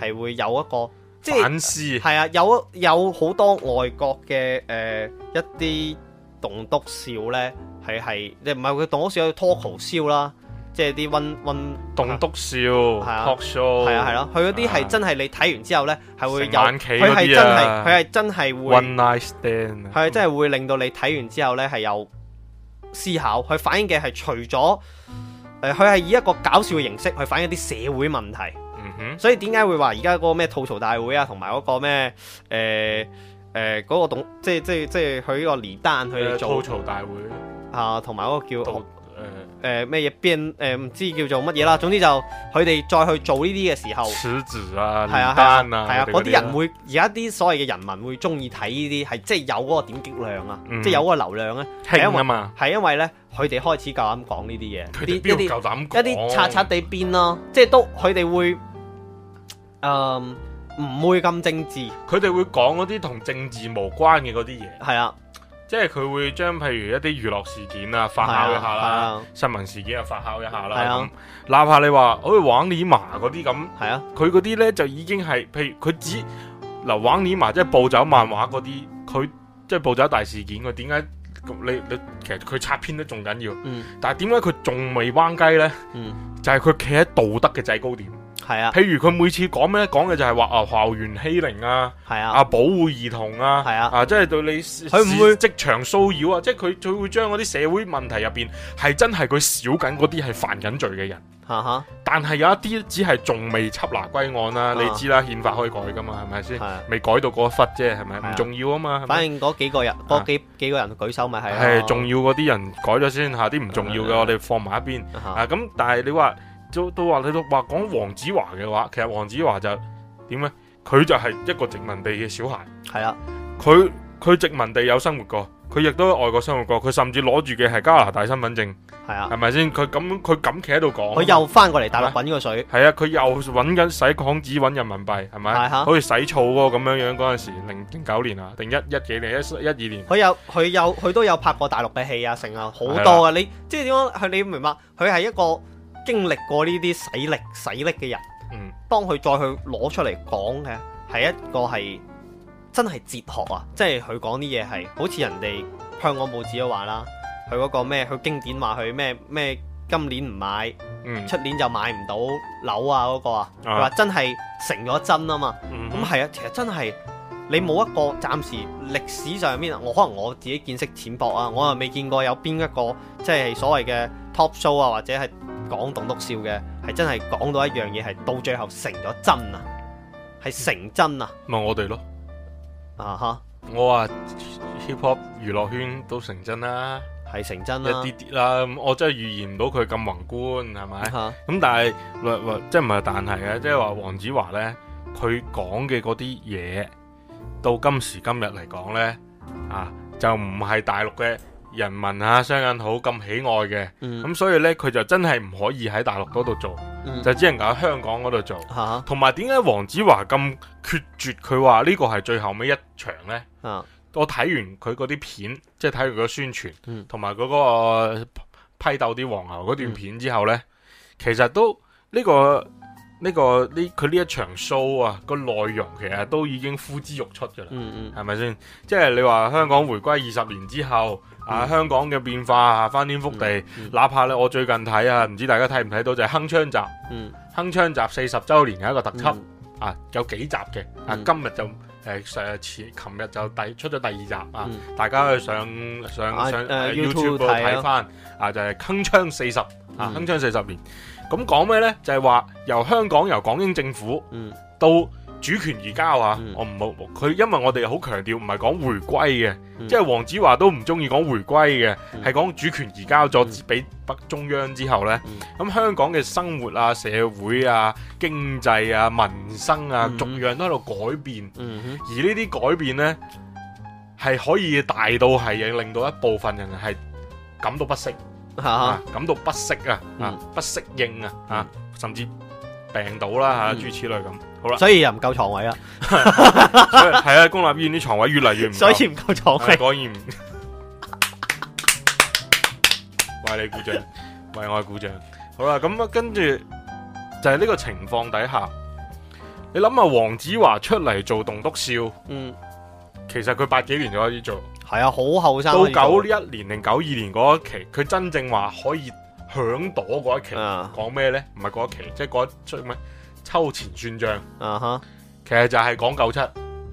係會有一個、就係、反思。係、呃、啊，有有好多外國嘅誒、呃、一啲棟篤笑咧，係係你唔係佢棟篤笑，佢拖喉笑啦。嗯。即係啲溫溫棟篤笑，係啊，係啊，係咯、啊，佢嗰啲係真係你睇完之後咧，係會有佢係、啊、真係，佢係真係會，係真係會令到你睇完之後咧係有思考。佢反映嘅係除咗誒，佢、呃、係以一個搞笑嘅形式去反映啲社會問題。嗯、所以點解會話而家嗰個咩吐槽大會啊，同埋嗰個咩誒誒嗰個即係即係即係佢呢個李誕去做吐槽大會啊，同埋嗰個叫。誒咩嘢？邊誒唔知叫做乜嘢啦，總之就佢哋再去做呢啲嘅時候，紙啊，係啊，係啊，嗰啲、啊啊、人會而家啲所謂嘅人民會中意睇呢啲，係即係有嗰個點擊量啊，嗯、即係有嗰個流量咧、啊，係、啊、因為係因為咧，佢哋開始夠膽講呢啲嘢，一啲一啲一啲擦擦地變咯、啊，即、就、係、是、都佢哋會誒唔、呃、會咁政治，佢哋會講嗰啲同政治無關嘅嗰啲嘢，係啊。即係佢會將譬如一啲娛樂事件啊發酵一下啦、啊啊，新聞事件又發酵一下啦。啊嗯、哪怕你話好似《王尼瑪》嗰啲咁，佢嗰啲咧就已經係譬如佢只嗱《王尼瑪》即係暴走漫畫嗰啲，佢即係暴走大事件。佢點解你你其實佢拆編都仲緊要？嗯、但係點解佢仲未彎雞咧、嗯？就係佢企喺道德嘅制高點。係啊，譬如佢每次講咩，講嘅就係話啊校園欺凌啊，係啊，啊保護兒童啊，係啊，啊即係對你，佢唔會職場騷擾啊，即係佢佢會將嗰啲社會問題入邊係真係佢少緊嗰啲係犯緊罪嘅人，啊、但係有一啲只係仲未緝拿歸案啦、啊啊，你知啦，憲法可以改噶嘛，係咪先？未、啊、改到嗰一忽啫，係咪？唔、啊、重要啊嘛是是，反正嗰幾個人，嗰、啊、幾幾個人舉手咪係、啊。係、啊啊、重要嗰啲人改咗先，下啲唔重要嘅、啊、我哋放埋一邊咁、啊啊、但係你話。都都話你都話講黃子華嘅話，其實黃子華就點咧？佢就係一個殖民地嘅小孩。係啊，佢佢殖民地有生活過，佢亦都外國生活過，佢甚至攞住嘅係加拿大身份證。係啊，係咪先？佢咁佢咁企喺度講，佢又翻過嚟大陸搵個水。係啊，佢又搵緊洗港紙搵人民幣，係咪？係啊，好似使草咁樣樣嗰陣時，零零九年啊，定一一幾年，一一二年。佢有佢有佢都有拍過大陸嘅戲啊，成啊好多啊！你即係點講？佢你要明白？佢係一個。經歷過呢啲洗力洗力嘅人，嗯、當佢再去攞出嚟講嘅，係一個係真係哲學啊！即係佢講啲嘢係好似人哋香港報紙都話啦，佢嗰個咩佢經典話佢咩咩今年唔買，出、嗯、年就買唔到樓啊嗰、嗰個、嗯、啊，佢話真係成咗真啊嘛，咁係啊，其實真係。你冇一個暫時歷史上面，我可能我自己見識淺薄啊，我又未見過有邊一個即係所謂嘅 top show 啊，或者係講棟篤笑嘅，係真係講到一樣嘢係到最後成咗真啊，係成真啊。咪我哋咯，啊嚇！我話 hip hop 娛樂圈都成真啦，係成真啦，一啲啲啦，我真係預言唔到佢咁宏觀，係咪？咁但係，即係唔係但係嘅，即係話黃子華呢，佢講嘅嗰啲嘢。到今時今日嚟講呢，啊就唔係大陸嘅人民啊商人好咁喜愛嘅，咁、嗯、所以呢，佢就真係唔可以喺大陸嗰度做、嗯，就只能夠喺香港嗰度做。同埋點解黃子華咁決絕？佢話呢個係最後尾一場呢。我睇完佢嗰啲片，即係睇佢個宣傳，同埋嗰個批鬥啲黃牛嗰段片之後呢，嗯嗯、其實都呢、呢個。呢、這個呢佢呢一場 show 啊，個內容其實都已經呼之欲出嘅啦，係咪先？即係你話香港回歸二十年之後，嗯、啊香港嘅變化翻天覆地。嗯嗯、哪怕咧，我最近睇啊，唔知大家睇唔睇到就《鏗鏘集》。嗯。《鏗鏘集》四十週年嘅一個特輯、嗯、啊，有幾集嘅、嗯。啊，今日就誒誒前琴日就第出咗第二集啊、嗯，大家去、嗯、上上上 YouTube 睇翻啊，就係《鏗鏘四十》啊，《鏗鏘四十年》嗯。咁講咩呢？就係、是、話由香港由港英政府、嗯、到主權移交啊、嗯！我唔好佢，因為我哋好強調，唔係講回歸嘅，即係黃子華都唔中意講回歸嘅，係講主權移交咗俾、嗯、北中央之後呢。咁、嗯、香港嘅生活啊、社會啊、經濟啊、民生啊，嗯、逐樣都喺度改變。嗯、而呢啲改變呢，係可以大到係令到一部分人係感到不適。吓、啊，感到不適應啊、嗯、啊，不適應啊，啊，甚至病倒啦，啊，諸、嗯、如此類咁。好啦，所以又唔夠床位啦，係啊，公立醫院啲床位越嚟越唔夠，唔所以唔夠床位、啊。果然，為 你鼓掌，為 我鼓掌。好啦，咁啊，跟住就係呢個情況底下，你諗下，黃子華出嚟做棟篤笑，嗯，其實佢八幾年就開始做。係啊，好後生。到九一年定九二年嗰一期，佢真正話可以響朵嗰一期，講、啊、咩呢？唔係嗰一期，即係嗰出咩？秋前算賬。啊，其實就係講九七。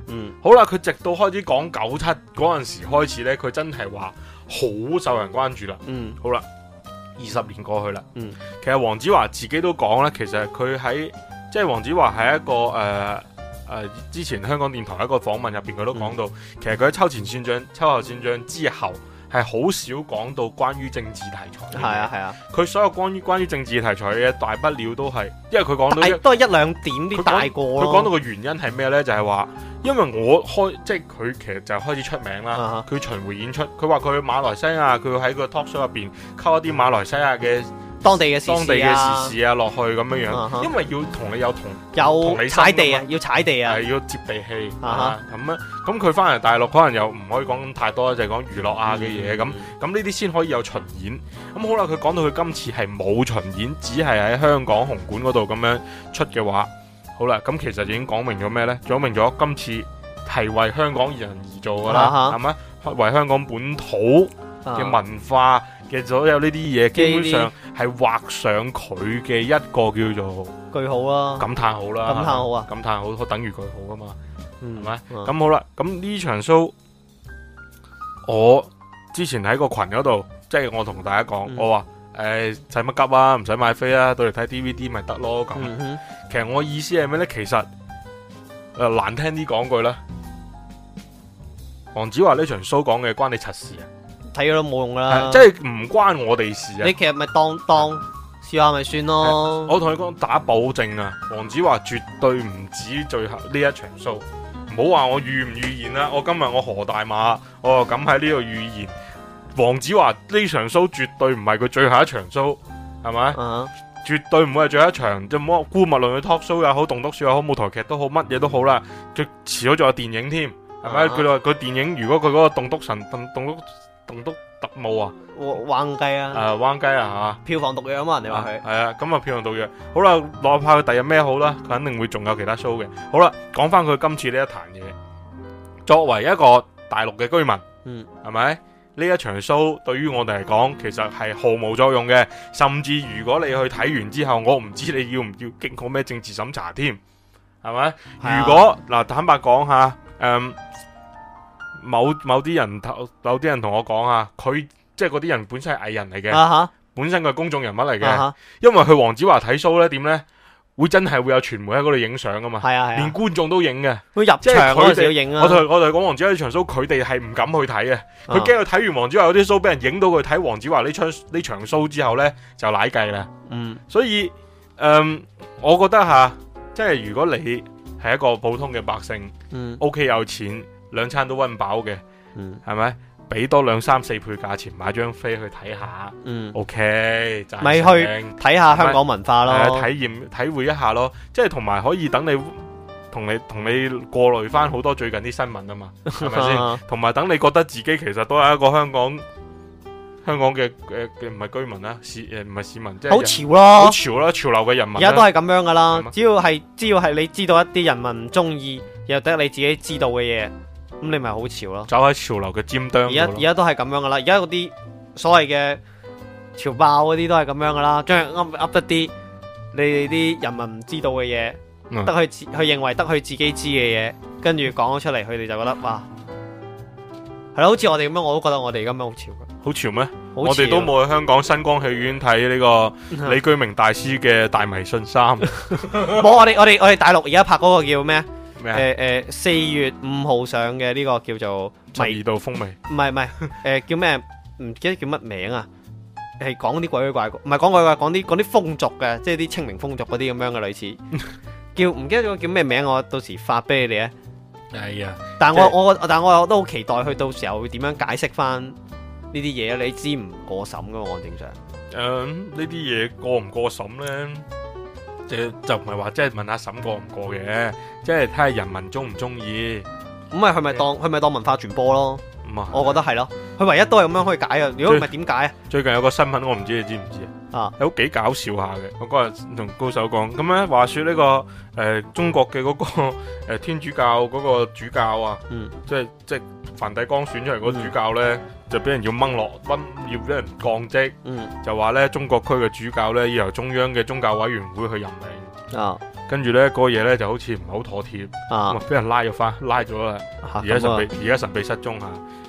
嗯，好啦，佢直到開始講九七嗰陣時開始呢，佢真係話好受人關注啦。嗯，好啦，二十年過去啦。嗯，其實黃子華自己都講啦，其實佢喺即係黃子華係一個誒。呃誒、呃、之前香港電台一個訪問入邊，佢都講到、嗯，其實佢喺秋前算賬、秋後算賬之後，係好少講到關於政治題材。係啊，係啊，佢、啊、所有關於關於政治題材嘅大不了都係，因為佢講到都係一兩點啲大過。佢講到個原因係咩呢？就係、是、話，因為我開即係佢其實就開始出名啦。佢巡、啊、迴演出，佢話佢去馬來西亞，佢會喺個 talk show 入邊溝一啲馬來西亞嘅。嗯當地嘅時事啊，落、啊、去咁樣樣，uh -huh. 因為要同你有同，同有你踩地啊，要踩地啊，要接地氣啊，咁、uh、啊 -huh.，咁佢翻嚟大陸可能又唔可以講太多，就係講娛樂啊嘅嘢咁，咁呢啲先可以有巡演。咁好啦，佢講到佢今次係冇巡演，只係喺香港紅館嗰度咁樣出嘅話，好啦，咁其實已經講明咗咩呢？講明咗今次係為香港人而做噶啦，係、uh、咪 -huh.？為香港本土嘅文化。Uh -huh. 嘅所有呢啲嘢，基本上係畫上佢嘅一個叫做句號啦，感嘆號啦，感嘆號啊，感嘆號，等如句號噶嘛，係、嗯、咪？咁、嗯、好啦，咁呢場 show，我之前喺個群嗰度，即、就、係、是、我同大家講、嗯，我話誒，使、欸、乜急啊？唔使買飛啊，到嚟睇 DVD 咪得咯。咁、嗯，其實我意思係咩咧？其實誒、呃、難聽啲講句啦，黃子華呢場 show 講嘅關你柒事啊！睇咗都冇用啦，即係唔關我哋事啊！你其實咪當當試下咪算咯。我同你講打保證啊，黃子華絕對唔止最後呢一場 show。唔好話我預唔預言啦、啊，我今日我何大馬，我咁喺呢度預言，黃子華呢場 show 絕對唔係佢最後一場 show，係咪？Uh -huh. 絕對唔會係最後一場，就冇，姑勿論佢 talk show 又好，棟篤笑又好，舞台劇都好，乜嘢都好啦。佢遲早仲有電影添，係咪？佢話佢電影如果佢嗰個棟篤神棟篤。棟篤特務啊，彎雞啊，誒，彎雞啊，吓，票房毒藥啊嘛，你話係？係啊，咁啊，啊，票房毒藥，啊啊啊嗯。好啦，攞怕佢第日咩好啦，佢肯定會仲有其他 show 嘅。好啦，講翻佢今次呢一壇嘢。作為一個大陸嘅居民，嗯，係咪？呢一場 show 對於我哋嚟講，其實係毫無作用嘅。甚至如果你去睇完之後，我唔知你要唔要經過咩政治審查添，係咪？啊、如果嗱、啊，坦白講下。誒、嗯。某某啲人同某啲人同我講啊，佢即係嗰啲人本身係藝人嚟嘅，uh -huh. 本身佢係公眾人物嚟嘅，uh -huh. 因為去黃子華睇 show 咧點咧，會真係會有傳媒喺嗰度影相噶嘛，uh -huh. 連觀眾都影嘅，會入場嗰陣時要影啊。我同我同講黃子華場 show 佢哋係唔敢去睇嘅。佢驚佢睇完黃子華有啲 show，俾人影到佢睇黃子華呢場呢場 show 之後咧就奶計啦。Uh -huh. 所以誒、嗯，我覺得吓，即係如果你係一個普通嘅百姓，嗯、uh -huh.，OK 有錢。兩餐都温飽嘅，嗯，係咪？俾多兩三四倍價錢買張飛去睇下，嗯，OK，咪去睇下香港文化咯，呃、體驗體會一下咯，即係同埋可以等你同你同你,你過濾翻好多最近啲新聞啊嘛，係咪先？同埋 等你覺得自己其實都係一個香港香港嘅嘅唔係居民啦、啊，市誒唔係市民，即係好潮咯，好潮咯，潮流嘅人民，而家都係咁樣噶啦，只要係只要係你知道一啲人民唔中意又得你自己知道嘅嘢。咁你咪好潮咯！走喺潮流嘅尖端。而家而家都係咁樣噶啦，而家嗰啲所謂嘅潮爆嗰啲都係咁樣噶啦，將噏噏一啲你哋啲人民唔知道嘅嘢，得佢自佢認為得佢自己知嘅嘢，跟住講咗出嚟，佢哋就覺得哇，係啦，好似我哋咁樣，我都覺得我哋而家咪好潮噶。好潮咩？我哋都冇去香港新光戲院睇呢個李居明大師嘅《大迷信三》。冇，我哋我哋我哋大陸而家拍嗰個叫咩？誒誒，四月五號上嘅呢個叫做十二道風味，唔係唔係，誒叫咩？唔記得叫乜名啊？係講啲鬼鬼怪，唔係講鬼怪，講啲講啲風俗嘅，即係啲清明風俗嗰啲咁樣嘅類似，叫唔記得叫叫咩名？我到時發俾你哋啊！係啊，但係我我但係我我都好期待佢到時候會點樣解釋翻呢啲嘢啊！你知唔過審噶嘛？我正常，誒咁呢啲嘢過唔過審咧？就就唔係話即係問阿嬸過唔過嘅，即係睇下人民中唔中意。咁咪佢咪當佢咪當文化傳播咯。我覺得係咯，佢唯一都係咁樣可以解啊！如果唔係點解啊？最近有個新聞我唔知你知唔知啊？啊，有幾搞笑下嘅，我嗰日同高手講咁咧。話說呢、呢個誒、呃，中國嘅嗰、嗰個誒、呃、天主教嗰個主教啊，嗯、即係即係梵蒂岡選出嚟嗰個主教呢，嗯、就俾人要掹落，要俾人降職、嗯，就話呢中國區嘅主教呢，要由中央嘅宗教委員會去任命。啊，跟住呢嗰嘢、那個、呢，就好似唔係好妥帖，咁啊，俾人拉咗翻，拉咗啦，而、啊、家神秘、啊、而家神秘失蹤吓，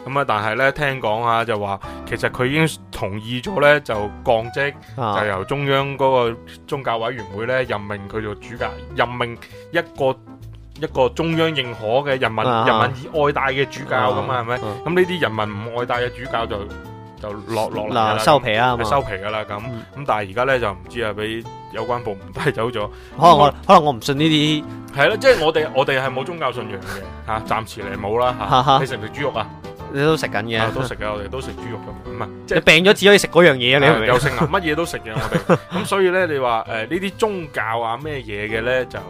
咁啊，但係呢，聽講啊，就話其實佢已經同意咗呢，就降職、啊，就由中央嗰個宗教委員會呢，任命佢做主教，任命一個一個中央認可嘅人民、啊、人民以愛戴嘅主教咁啊，係咪？咁呢啲人民唔愛戴嘅主教就。就落落啦收皮啊，收皮噶啦咁咁，但係而家咧就唔知啊，俾有關部門帶走咗。可能我可能我唔信呢啲係咯，即係我哋我哋係冇宗教信仰嘅吓，暫時嚟冇啦吓。你食唔食豬肉啊？你都食緊嘅，都食嘅，我哋都食豬肉噶。咁啊，即係病咗只可以食嗰樣嘢啊！你又食乜嘢都食嘅我哋咁，所以咧你話誒呢啲宗教啊咩嘢嘅咧就誒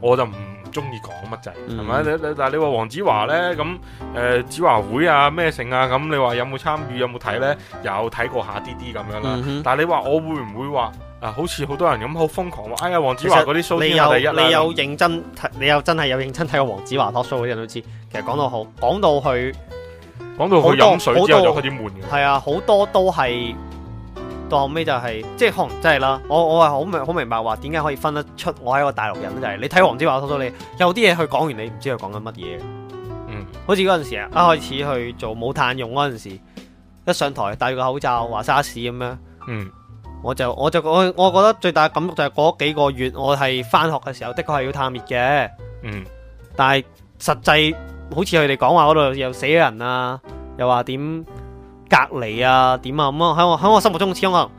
我就唔。中意講乜仔係咪？但你話黃子華咧咁誒，子華會啊咩剩啊咁？你話有冇參與？有冇睇咧？有睇過下啲啲咁樣啦、嗯。但你話我會唔會話啊？好似好多人咁好瘋狂話，哎呀黃子華嗰啲 show 第一你有認真，你有真係有認真睇過黃子華 talk show 嘅人都知。其實講到好，講到去，講到佢飲水之後就開始悶嘅。係啊，好多都係。到後就係、是，即係可能真係啦。我我係好明好明白話點解可以分得出我係一個大陸人就係、是、你睇黃子華講到你有啲嘢佢講完你，你唔知佢講緊乜嘢。嗯，好似嗰陣時啊，一開始去做冇炭用嗰陣時候，一上台戴個口罩話沙士咁樣。嗯，我就我就我我覺得最大嘅感覺就係嗰幾個月，我係返學嘅時候，的確係要探熱嘅。嗯，但係實際好似佢哋講話嗰度又死咗人啊，又話點？隔離啊，點啊，咁啊，喺我喺我心目中始終啊，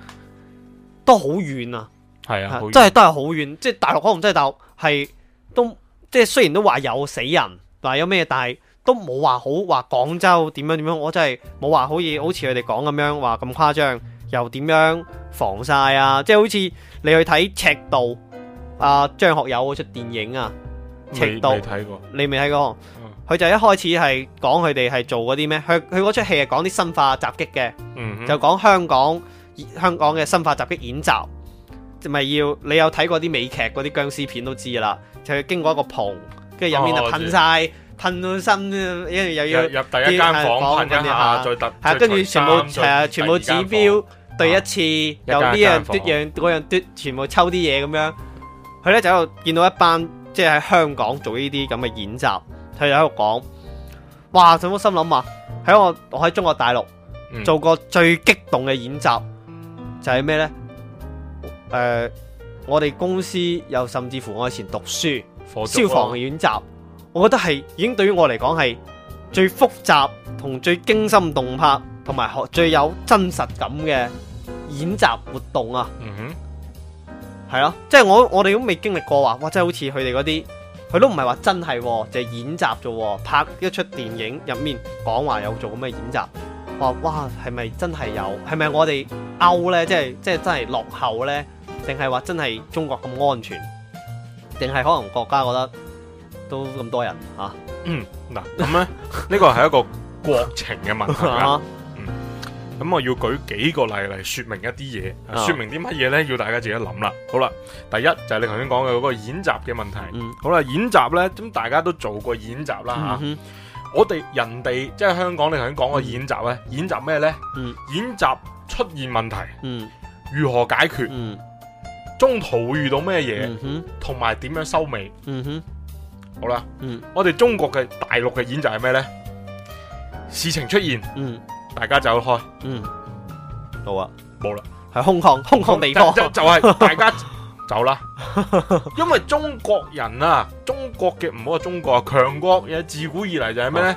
都好遠啊，係啊，真係都係好遠，即係大陸可能真係，但係都即係雖然都話有死人，嗱有咩，但係都冇話好話廣州點樣點樣，我真係冇話可以好似佢哋講咁樣話咁誇張，又點樣防晒啊，即係好似你去睇《赤道》啊，張學友嗰出電影啊，度《赤道》睇過，你未睇過？佢就一開始係講佢哋係做嗰啲咩？佢嗰出戲係講啲生化襲擊嘅、嗯，就講香港香港嘅生化襲擊演習。咪、就係、要你有睇過啲美劇嗰啲僵屍片都知啦。就去經過一個棚，跟住入面就噴晒、哦，噴到身，跟住又要入，入第一間房，間、啊、房噴一下，再跟住、啊、全部全部指標第間間對一次，又、啊、呢、這個、樣奪樣嗰全部抽啲嘢咁樣。佢呢就喺度見到一班即係喺香港做呢啲咁嘅演習。佢又喺度講，哇！想想我心諗話，喺我我喺中國大陸、嗯、做過最激動嘅演習就係、是、咩呢？誒、呃，我哋公司又甚至乎我以前讀書消防嘅演習，我覺得係已經對於我嚟講係最複雜同最驚心動魄，同埋學最有真實感嘅演習活動啊！嗯哼，係咯、啊，即、就、係、是、我我哋都未經歷過話，哇！真係好似佢哋嗰啲。佢都唔係話真係，就係演習啫，拍一出電影入面講話有做咁嘅演習，話哇係咪真係有？係咪我哋歐呢？即係即係真係落後呢？定係話真係中國咁安全？定係可能國家覺得都咁多人吓，啊？嗯，嗱咁呢，呢個係一個國情嘅問題。 咁我要舉幾個例嚟說明一啲嘢、啊，說明啲乜嘢呢？要大家自己諗啦。好啦，第一就係、是、你頭先講嘅嗰個演習嘅問題、嗯。好啦，演習呢，咁大家都做過演習啦。吓、嗯啊，我哋人哋即係香港，你頭先講個演習呢？嗯、演習咩呢？嗯、演習出現問題、嗯，如何解決？嗯、中途會遇到咩嘢？同埋點樣收尾？嗯、好啦，嗯、我哋中國嘅大陸嘅演習係咩呢？事情出現，嗯。大家走開，嗯，好啊，冇啦，係空曠，空曠地方，就就係、就是、 大家走啦。因為中國人啊，中國嘅唔好話中國啊，強國嘢，自古以嚟，就係咩呢？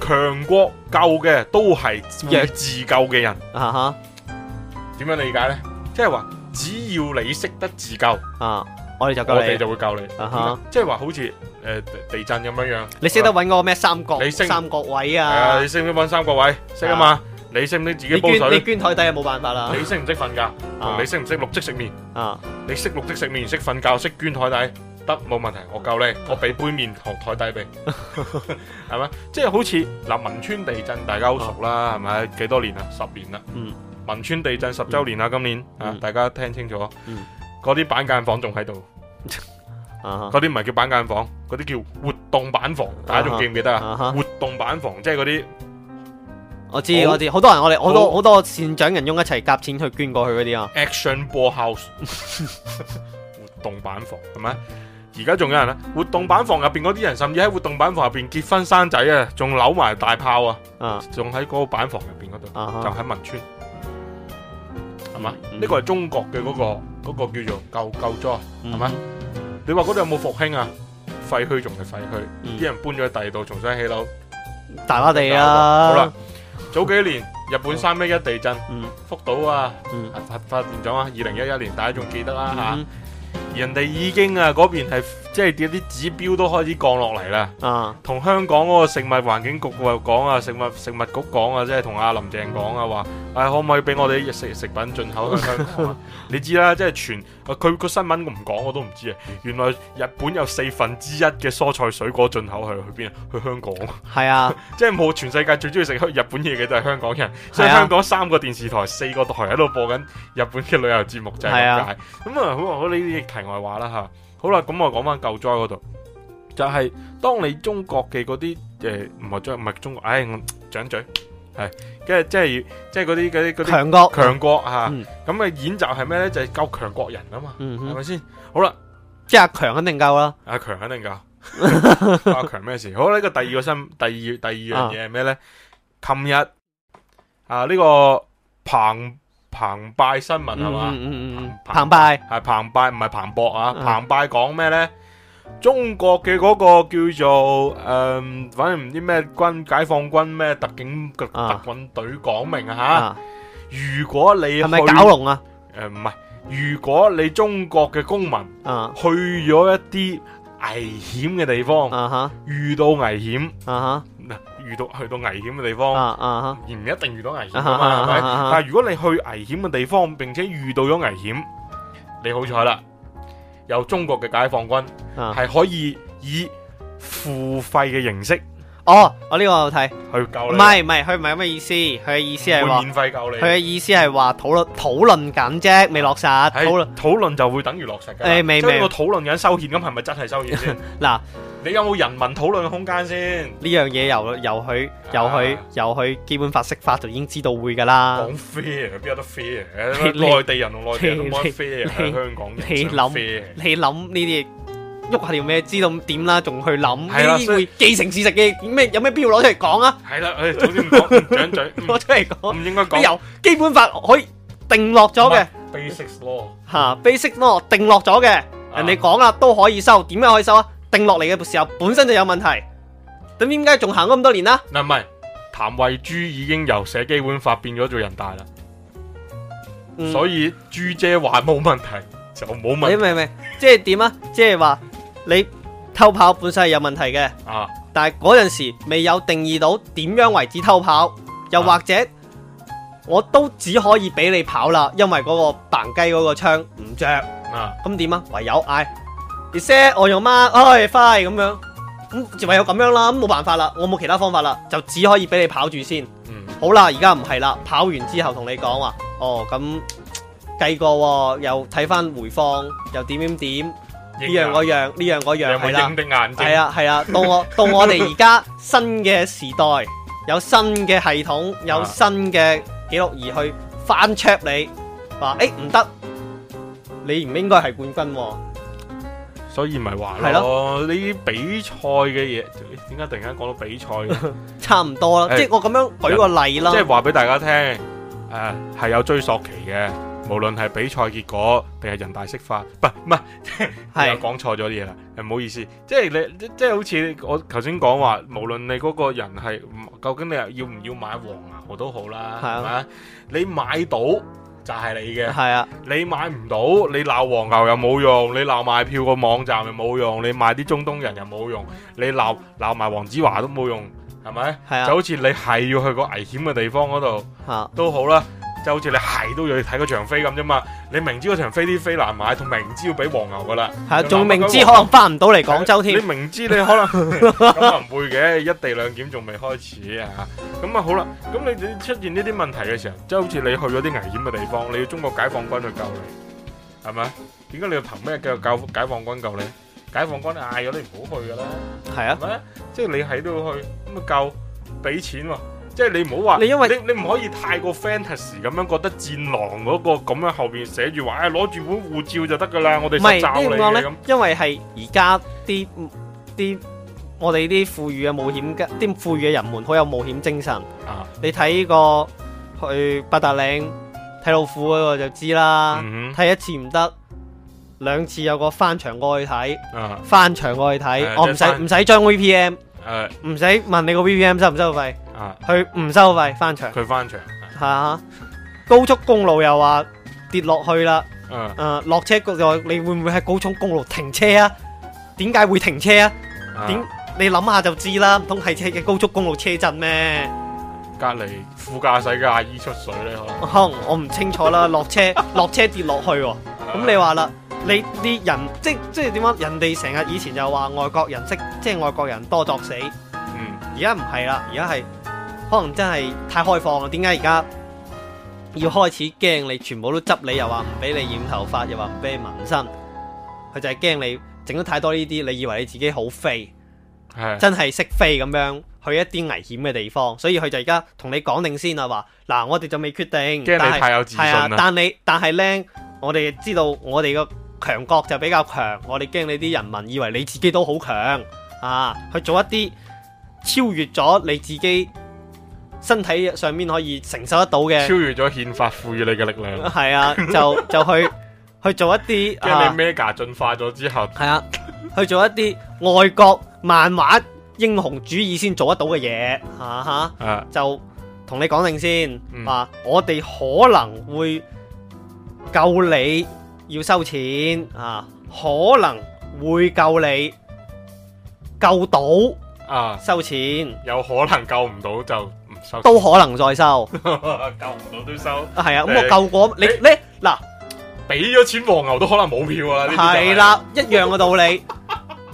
強、啊、國救嘅都係嘅自救嘅人啊哈。點、嗯、樣理解呢？即係話只要你識得自救啊。我哋就教你，我哋就會教你，即係話好似誒地震咁樣樣。你識得搵嗰個咩三角三角位啊？係啊，你識唔識搵三角位？識啊嘛，你識唔識自己煲水？你捐台底啊，冇辦法啦。你識唔識瞓覺？你識唔識六即食麵？啊，你識六即食麵，識瞓覺，識捐台底，得冇問題，我教你，我俾杯麵同台底俾，係嘛？即係好似嗱汶川地震，大家好熟啦，係咪？幾多年啦？十年啦，嗯，汶川地震十周年啦，今年啊，大家聽清楚。嗰啲板間房仲喺度，嗰啲唔係叫板間房，嗰啲叫活動板房，uh -huh. 大家仲記唔記得啊？uh -huh. 就是 oh, oh？ 活動板房即係嗰啲，我知我知，好多人我哋好多好多善長人翁一齊夾錢去捐過去嗰啲啊。Action Ball House，活動板房係咪？而家仲有人咧？活動板房入邊嗰啲人，甚至喺活動板房入邊結婚生仔啊，仲扭埋大炮啊，仲喺嗰個板房入邊嗰度，就喺文村。係嘛？呢、mm -hmm. 個係中國嘅嗰、嗰個、mm -hmm. 嗰個叫做救救災，係嘛、mm -hmm.？你話嗰度有冇復興啊？廢墟仲係廢墟，啲、mm -hmm. 人搬咗去第二度重新起樓，大笪地啊！好啦，早幾年日本三一一地震，mm -hmm. 福島啊，啊發發電廠啊，二零一一年大家仲記得啦、啊、吓、mm -hmm. 啊，人哋已經啊嗰邊係。即係啲指標都開始降落嚟啦，同、嗯、香港嗰個食物環境局又講啊，食物食物局講、哎、啊， 即係同阿林鄭講啊，話誒可唔可以俾我哋食食品進口去香港？你知啦，即係全佢個新聞唔講我都唔知啊。原來日本有四分之一嘅蔬菜水果進口係去邊啊？去香港。係啊， 即係冇全世界最中意食日本嘢嘅就係香港人、啊，所以香港三個電視台四個台喺度播緊日本嘅旅遊節目就係咁解。咁啊好啊，好呢啲題外話啦吓。啊好啦，咁我講翻救災嗰度，就係、是、當你中國嘅嗰啲誒，唔係中唔係中國，唉我掌嘴係，跟住即係即係嗰啲嗰啲嗰啲強國強、嗯、國吓，咁、啊、嘅、嗯、演習係咩咧？就係救強國人啊嘛，係咪先？好啦，即阿強肯定夠啦，阿、啊、強肯定夠，阿強咩事？好呢、這個第二個新第二第二樣嘢係咩咧？琴日啊呢、啊這個彭。澎湃新聞係嘛？澎湃係澎湃，唔係蓬勃啊！澎湃講咩呢？中國嘅嗰個叫做誒、呃，反正唔知咩軍解放軍咩特警嘅、啊、特警隊講明啊吓、啊。如果你係咪搞龍啊？誒唔係，如果你中國嘅公民去咗一啲危險嘅地方、啊，遇到危險。啊遇到去到危險嘅地方，啊啊啊、而唔一定遇到危險嘛、啊啊啊啊、係咪？但係如果你去危險嘅地方，並且遇到咗危險，你好彩啦，有中國嘅解放軍係、啊、可以以付費嘅形式。哦，我呢個有睇，去救你。唔係唔係，佢唔係咁嘅意思，佢嘅意思係話免費救你。佢嘅意思係話討論討論緊啫，未落實。討論討論就會等於落實嘅。誒、哎，未。即係我討論緊收錢咁，係咪真係收錢先？嗱。 你有冇人民討論嘅空間先？呢樣嘢由由佢由佢由佢基本法釋法就已經知道會噶啦。講飛邊有得飛？內地人同內地人點解飛啊？喺香港你諗你諗呢啲喐下條咩？知道點啦，仲去諗呢啲會既成事實嘅咩？有咩必要攞出嚟講啊？係啦，唉，總之唔講唔講嘴，攞出嚟講，唔應該講。有基本法可以定落咗嘅 basic law 吓，basic law 定落咗嘅人哋講啊都可以收，點樣可以收啊？定落嚟嘅時候本身就有問題，咁點解仲行咁多年啦？唔、啊、係，譚慧珠已經由寫基本法變咗做人大啦、嗯，所以珠姐話冇問題就冇問題。你明唔明？即係點啊？即係話你偷跑本身係有問題嘅，啊！但係嗰陣時未有定義到點樣為之偷跑，又或者、啊、我都只可以俾你跑啦，因為嗰個扮雞嗰個槍唔着啊，咁點啊？唯有嗌。你 set 我用媽哎快，咁樣，咁就唯有咁樣啦，咁冇辦法啦，我冇其他方法啦，就只可以俾你跑住先。嗯。好啦，而家唔係啦，跑完之後同你講話，哦，咁計過又睇翻回放，又點點點，呢樣嗰樣，呢樣嗰樣啦。應的眼睛。係啊係啊，啊，到我 到我哋而家新嘅時代，有新嘅系統，有新嘅記錄儀去翻 check 你，話誒唔得，你唔應該係冠軍、啊。所以咪話咯，呢、啊、比賽嘅嘢，點解突然間講到比賽？ 差唔多啦、欸，即係我咁樣舉個例啦。即係話俾大家聽，誒、呃、係有追溯期嘅，無論係比賽結果定係人大釋法，不唔係，係講錯咗啲嘢啦，唔 好意思，即係你即係好似我頭先講話，無論你嗰個人係究竟你係要唔要買黃牛，我都好啦，係嘛，你買到。就係、係、你嘅、啊，你買唔到，你鬧黃牛又冇用，你鬧買票個網站又冇用，你賣啲中東人又冇用，你鬧鬧埋黃子華都冇用，係咪？係啊、就好似你係要去個危險嘅地方嗰度，啊、都好啦。就好似你係都要去睇嗰場飛咁啫嘛，你明知嗰場飛啲飛難買，同明知要俾黃牛噶啦，係啊，仲明知可能翻唔到嚟廣州添。你明知你可能咁又唔會嘅，一地兩檢仲未開始啊，咁啊好啦，咁你出現呢啲問題嘅時候，即係好似你去咗啲危險嘅地方，你要中國解放軍去救你，係咪？點解你要憑咩叫救解放軍救你？解放軍嗌咗你唔好去噶啦，係、係、啊，即係你喺都要去咁啊救，俾錢喎。即係你唔好話，你因為你你唔可以太過 fantasy 咁樣覺得戰狼嗰個咁樣後邊寫住話，誒，攞住本護照就得噶啦，我哋唔係點講咧？因為係而家啲啲我哋啲富裕嘅冒險，啲富裕嘅人們好有冒險精神。啊，你睇呢個去八達嶺睇老虎嗰個就知啦。睇一次唔得，兩次有個翻牆過去睇，翻牆過去睇，我唔使唔使將 VPN，唔使問你個 VPN 收唔收費？佢唔收費翻場，佢翻場係高速公路又話跌落去啦，嗯，落、呃、車局又你，你會唔會喺高速公路停車啊？點解會停車啊？點、嗯、你諗下就知啦，唔通係車嘅高速公路車震咩？隔離副駕駛嘅阿姨出水呢？可能，啊、我唔清楚啦。落車落 車跌落去，咁、嗯、你話啦，你啲人即即點樣？人哋成日以前就話外國人識，即外國人多作死，嗯，而家唔係啦，而家係。可能真係太開放啦點解而家要開始驚你？全部都執你又話唔俾你染頭髮，又話唔俾你紋身。佢就係驚你整得太多呢啲，你以為你自己好飛，真係識飛咁樣去一啲危險嘅地方。所以佢就而家同你講定先啦，話嗱，我哋就未決定。驚你太有自信啦但係，但係咧，但我哋知道我哋個強國就比較強。我哋驚你啲人民以為你自己都好強啊，去做一啲超越咗你自己。身體上面可以承受得到嘅，超越咗憲法賦予你嘅力量。係啊，就就去 去做一啲，即係你 Mega 進化咗之後，係啊， 去做一啲外國漫畫英雄主義先做得到嘅嘢。吓、啊、吓、啊，就同你講定先，嗯啊、我哋可能會救你，要收錢啊，可能會救你救到啊，收錢，有可能救唔到就。都可能再收 救唔到都收係啊。咁、欸、我救過你，欸、你呢？嗱俾咗錢，黃牛都可能冇票啦。係啦、啊就是，一樣嘅道理。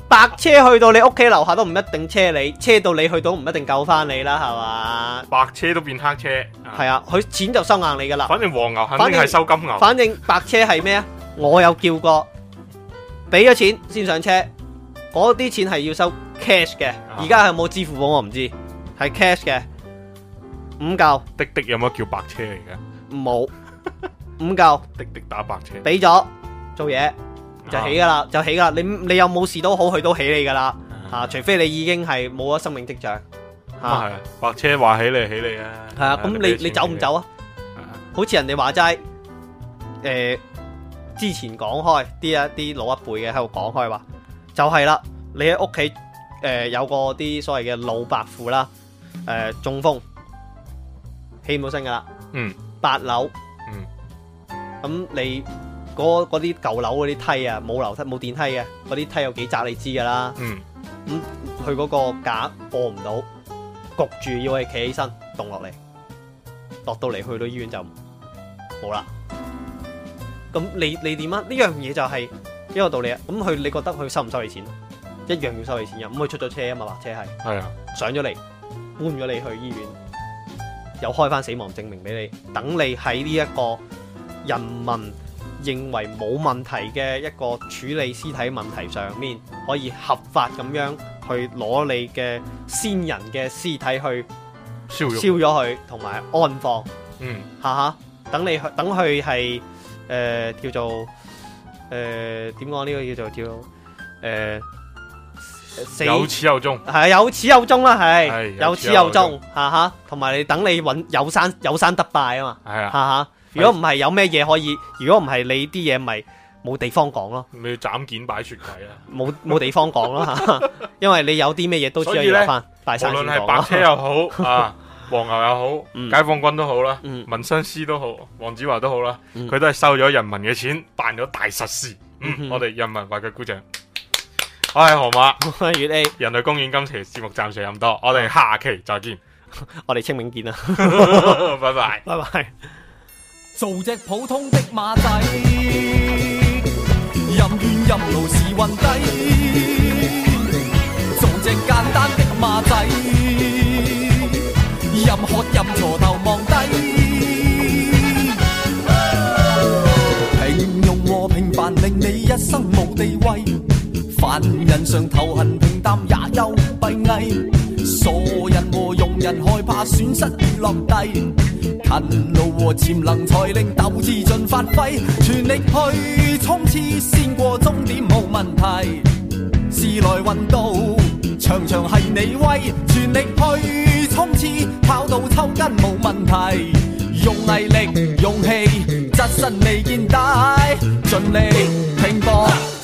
白車去到你屋企樓下都唔一定車你，車到你去到唔一定救翻你啦，係嘛？白車都變黑車，係啊，佢錢就收硬你噶啦。反正黃牛肯定係收金牛。反正，反正白車係咩啊？我有叫過俾咗錢先上車嗰啲錢係要收 cash 嘅。而家係冇支付寶，我唔知係 cash 嘅。五舊滴滴有乜叫白車嚟噶？冇五舊滴滴打白車，俾咗做嘢，就起噶啦，就起噶啦，啊。你你有冇事都好，佢都起你噶啦吓，除非你已經係冇咗生命跡象吓，嗯啊。白車話起你，起你啊！係啊，咁，啊，你給給你，你走唔走啊？啊好似人哋話齋誒，之前講開啲一啲老一輩嘅喺度講開話，就係、是、啦。你喺屋企誒有個啲所謂嘅老伯父啦，誒，呃，中風。起唔到身噶啦，八樓，咁你嗰嗰啲舊樓嗰啲梯啊，冇樓梯冇電梯嘅，嗰啲梯有幾窄你知噶啦，咁佢嗰個架過唔到，焗住要係企起身，動落嚟，落到嚟去到醫院就冇啦。咁你你點啊？呢樣嘢就係一個道理啊。咁佢你覺得佢收唔收你錢？一樣要收你錢啊。咁佢出咗車啊嘛，白車係，係啊，上咗嚟，搬咗你去醫院。有開翻死亡證明俾你，等你喺呢一個人民認為冇問題嘅一個處理屍體問題上面，可以合法咁樣去攞你嘅先人嘅屍體去燒咗佢，同埋安放。嗯，哈哈等你去，等佢係誒叫做誒點講呢個叫做叫、呃有始有終係有始有終啦，係有始有終吓吓，同埋你等你揾有山有山得敗啊嘛，吓吓。如果唔係有咩嘢可以，如果唔係你啲嘢咪冇地方講咯，你要斬件擺雪櫃啦，冇冇地方講啦吓， 因為你有啲咩嘢都只有入翻大山。無論係白車又好 啊，黃牛又好，解、嗯、放軍都好啦，民商師都好，黃、嗯、子華、嗯、都好啦，佢都係收咗人民嘅錢，辦咗大實事。嗯嗯、我哋人民為佢鼓掌。我係河馬，我係月 A。人類公園今期節目暫時咁多，我哋下期再見。 我哋清明見啦， 拜拜，拜拜。做隻普通的馬仔，任怨任勞時運低。做隻簡單的馬仔，任渴任餓頭望低。平庸和平凡令你一生冇地位。凡人上頭恨平淡也有閉翳，傻人和庸人害怕損失落低，勤勞和潛能才令鬥志盡發揮，全力去衝刺，先過終點冇問題。時來運到，常常係你威，全力去衝刺，跑到抽筋冇問題。用毅力,力、勇氣、質身未見低，盡力拼搏。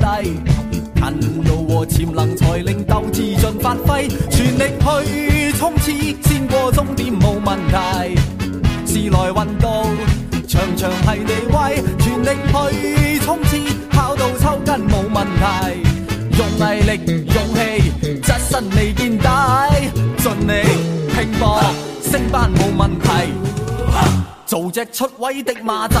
勤勞和潛能才令鬥志盡發揮，全力去衝刺，先過終點冇問題。時來運到，場場係你威，全力去衝刺，跑到抽筋冇問題。用毅力，力、勇氣，隻身未見底，盡力拼搏，升班冇問題，做隻出位的馬仔。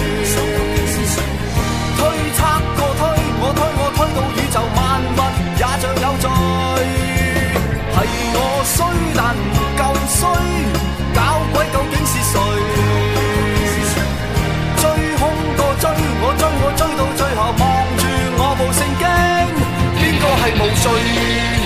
推測個推，我推我推到宇宙萬物也像有罪。係我衰但唔夠衰，搞鬼究竟是誰？追凶個追，我追我追到最後，望住我部聖經，邊個係無罪？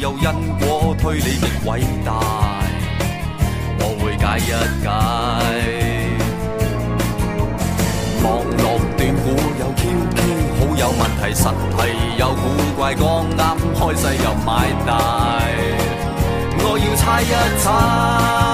有因果推理的偉大，我會解一解。網絡斷估有蹺蹺，好有問題，實體有古怪剛剛剛，剛啱開世又買大，我要猜一猜。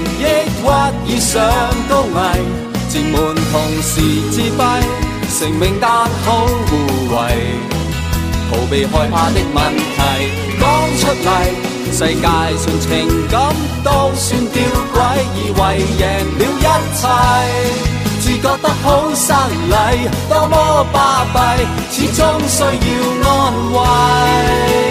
屈以上高危，自滿同時自閉，成名但好護衛，逃避害怕的問題，講出嚟。世界上情感都算吊詭，以為贏了一切，自覺得好失禮，多麼巴閉，始終需要安慰。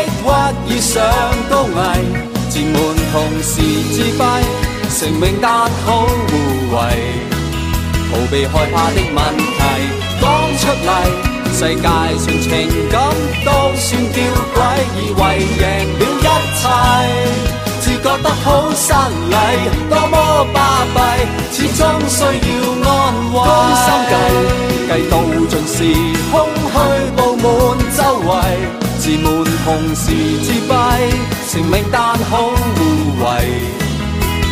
無法遇上高危，自滿同時自閉，成名得好無謂，逃避害怕的問題，講出嚟。世界上情感都算吊詭，以為贏了一切，自覺得好失禮。多麼巴閉，始終需要安慰。心計，計到盡時，空虛布滿周圍，自滿同時自閉，成名但好護衛。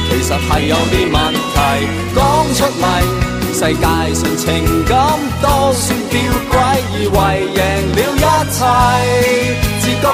其實係有啲問題，講出嚟，世界順情。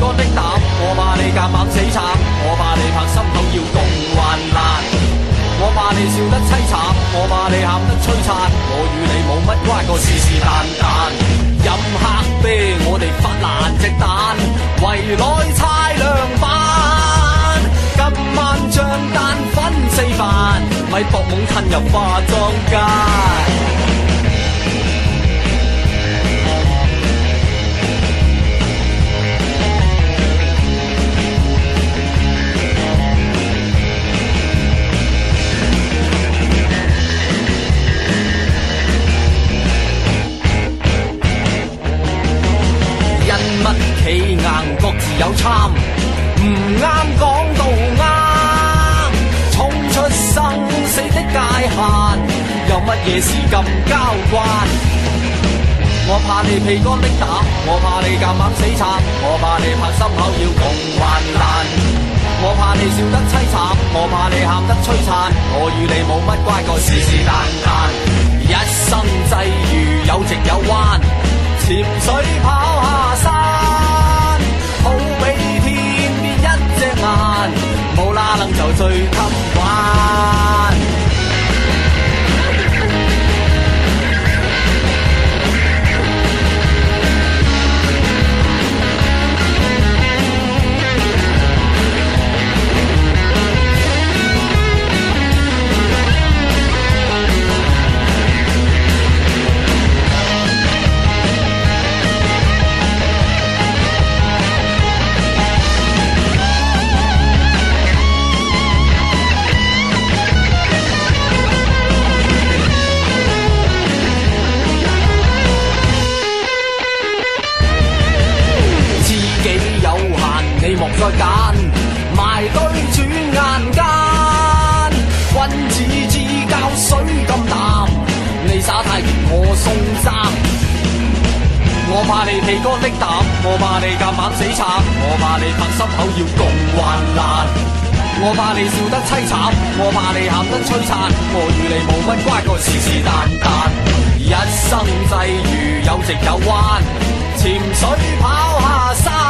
的我怕你夾硬死慘，我怕你拍心口要共患難。我怕你笑得淒慘，我怕你喊得璀璨。我與你冇乜瓜葛，是是但但。飲黑啤，我哋發爛隻蛋，圍內猜兩番，今晚賬單分四份，咪搏懵趁入化妝間。有參，唔啱講到啱，衝出生死的界限，有乜嘢事咁交關？我怕你披肝瀝膽，我怕你夾硬死撐，我怕你拍心口要共患難，我怕你笑得凄慘，我怕你喊得璀璨，我與你冇乜瓜葛，是是但但，一生際遇有直有彎，潛水。再揀埋堆，轉眼間君子之交水咁淡。你耍太極，我送衫，我怕你皮干的膽，我怕你夾硬死撐，我怕你拍心口要共患難。我怕你笑得凄慘，我怕你喊得璀璨。我與你無乜瓜葛，事事旦旦，一生際遇有直有彎，潛水跑下山。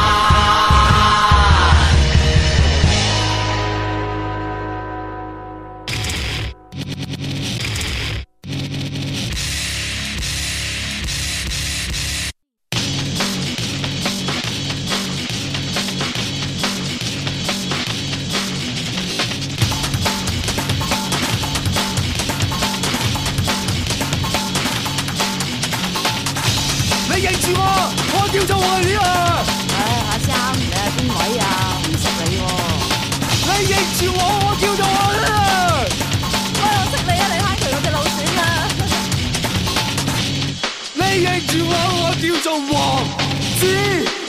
說話，我叫做王子。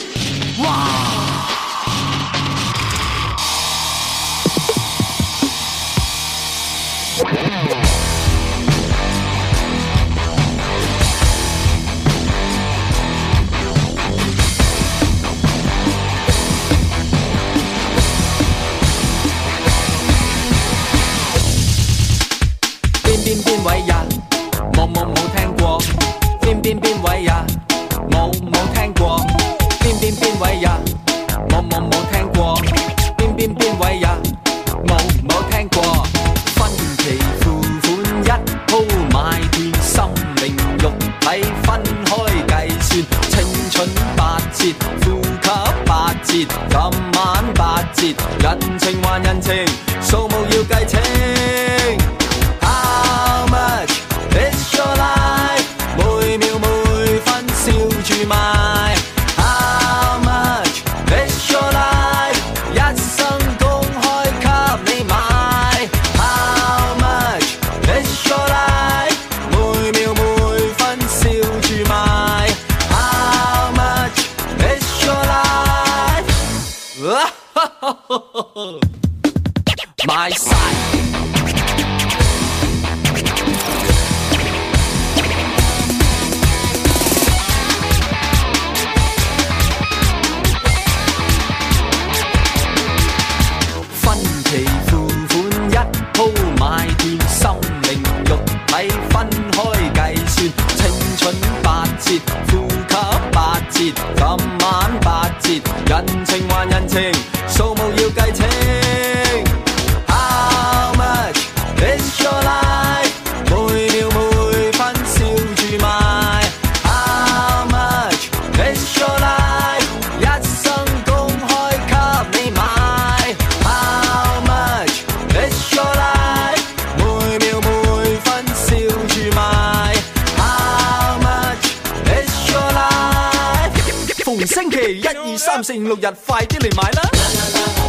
星期一二三四五六日，快啲嚟買啦！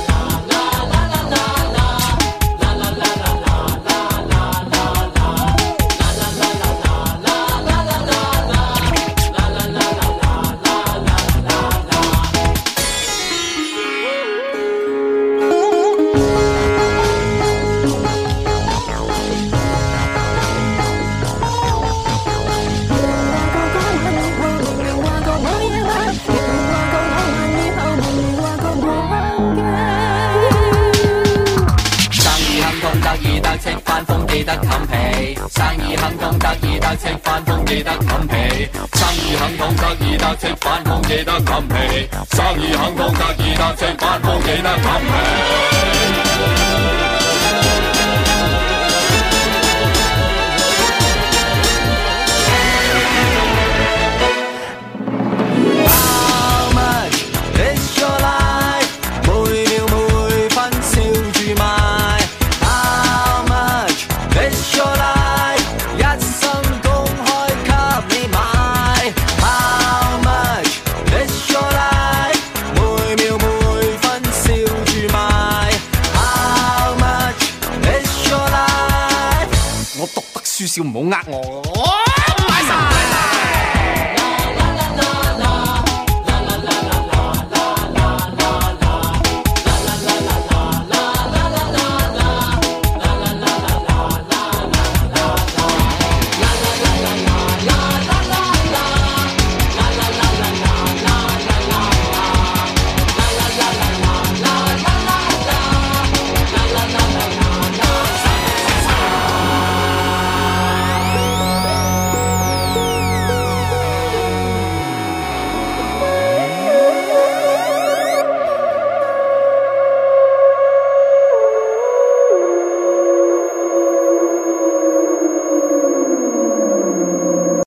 冚被，生意亨通得意得戚，翻風記得冚被。生意亨通得意得戚，翻風記得冚被。生意亨通得意得戚，翻風記得冚被。笑唔好呃我。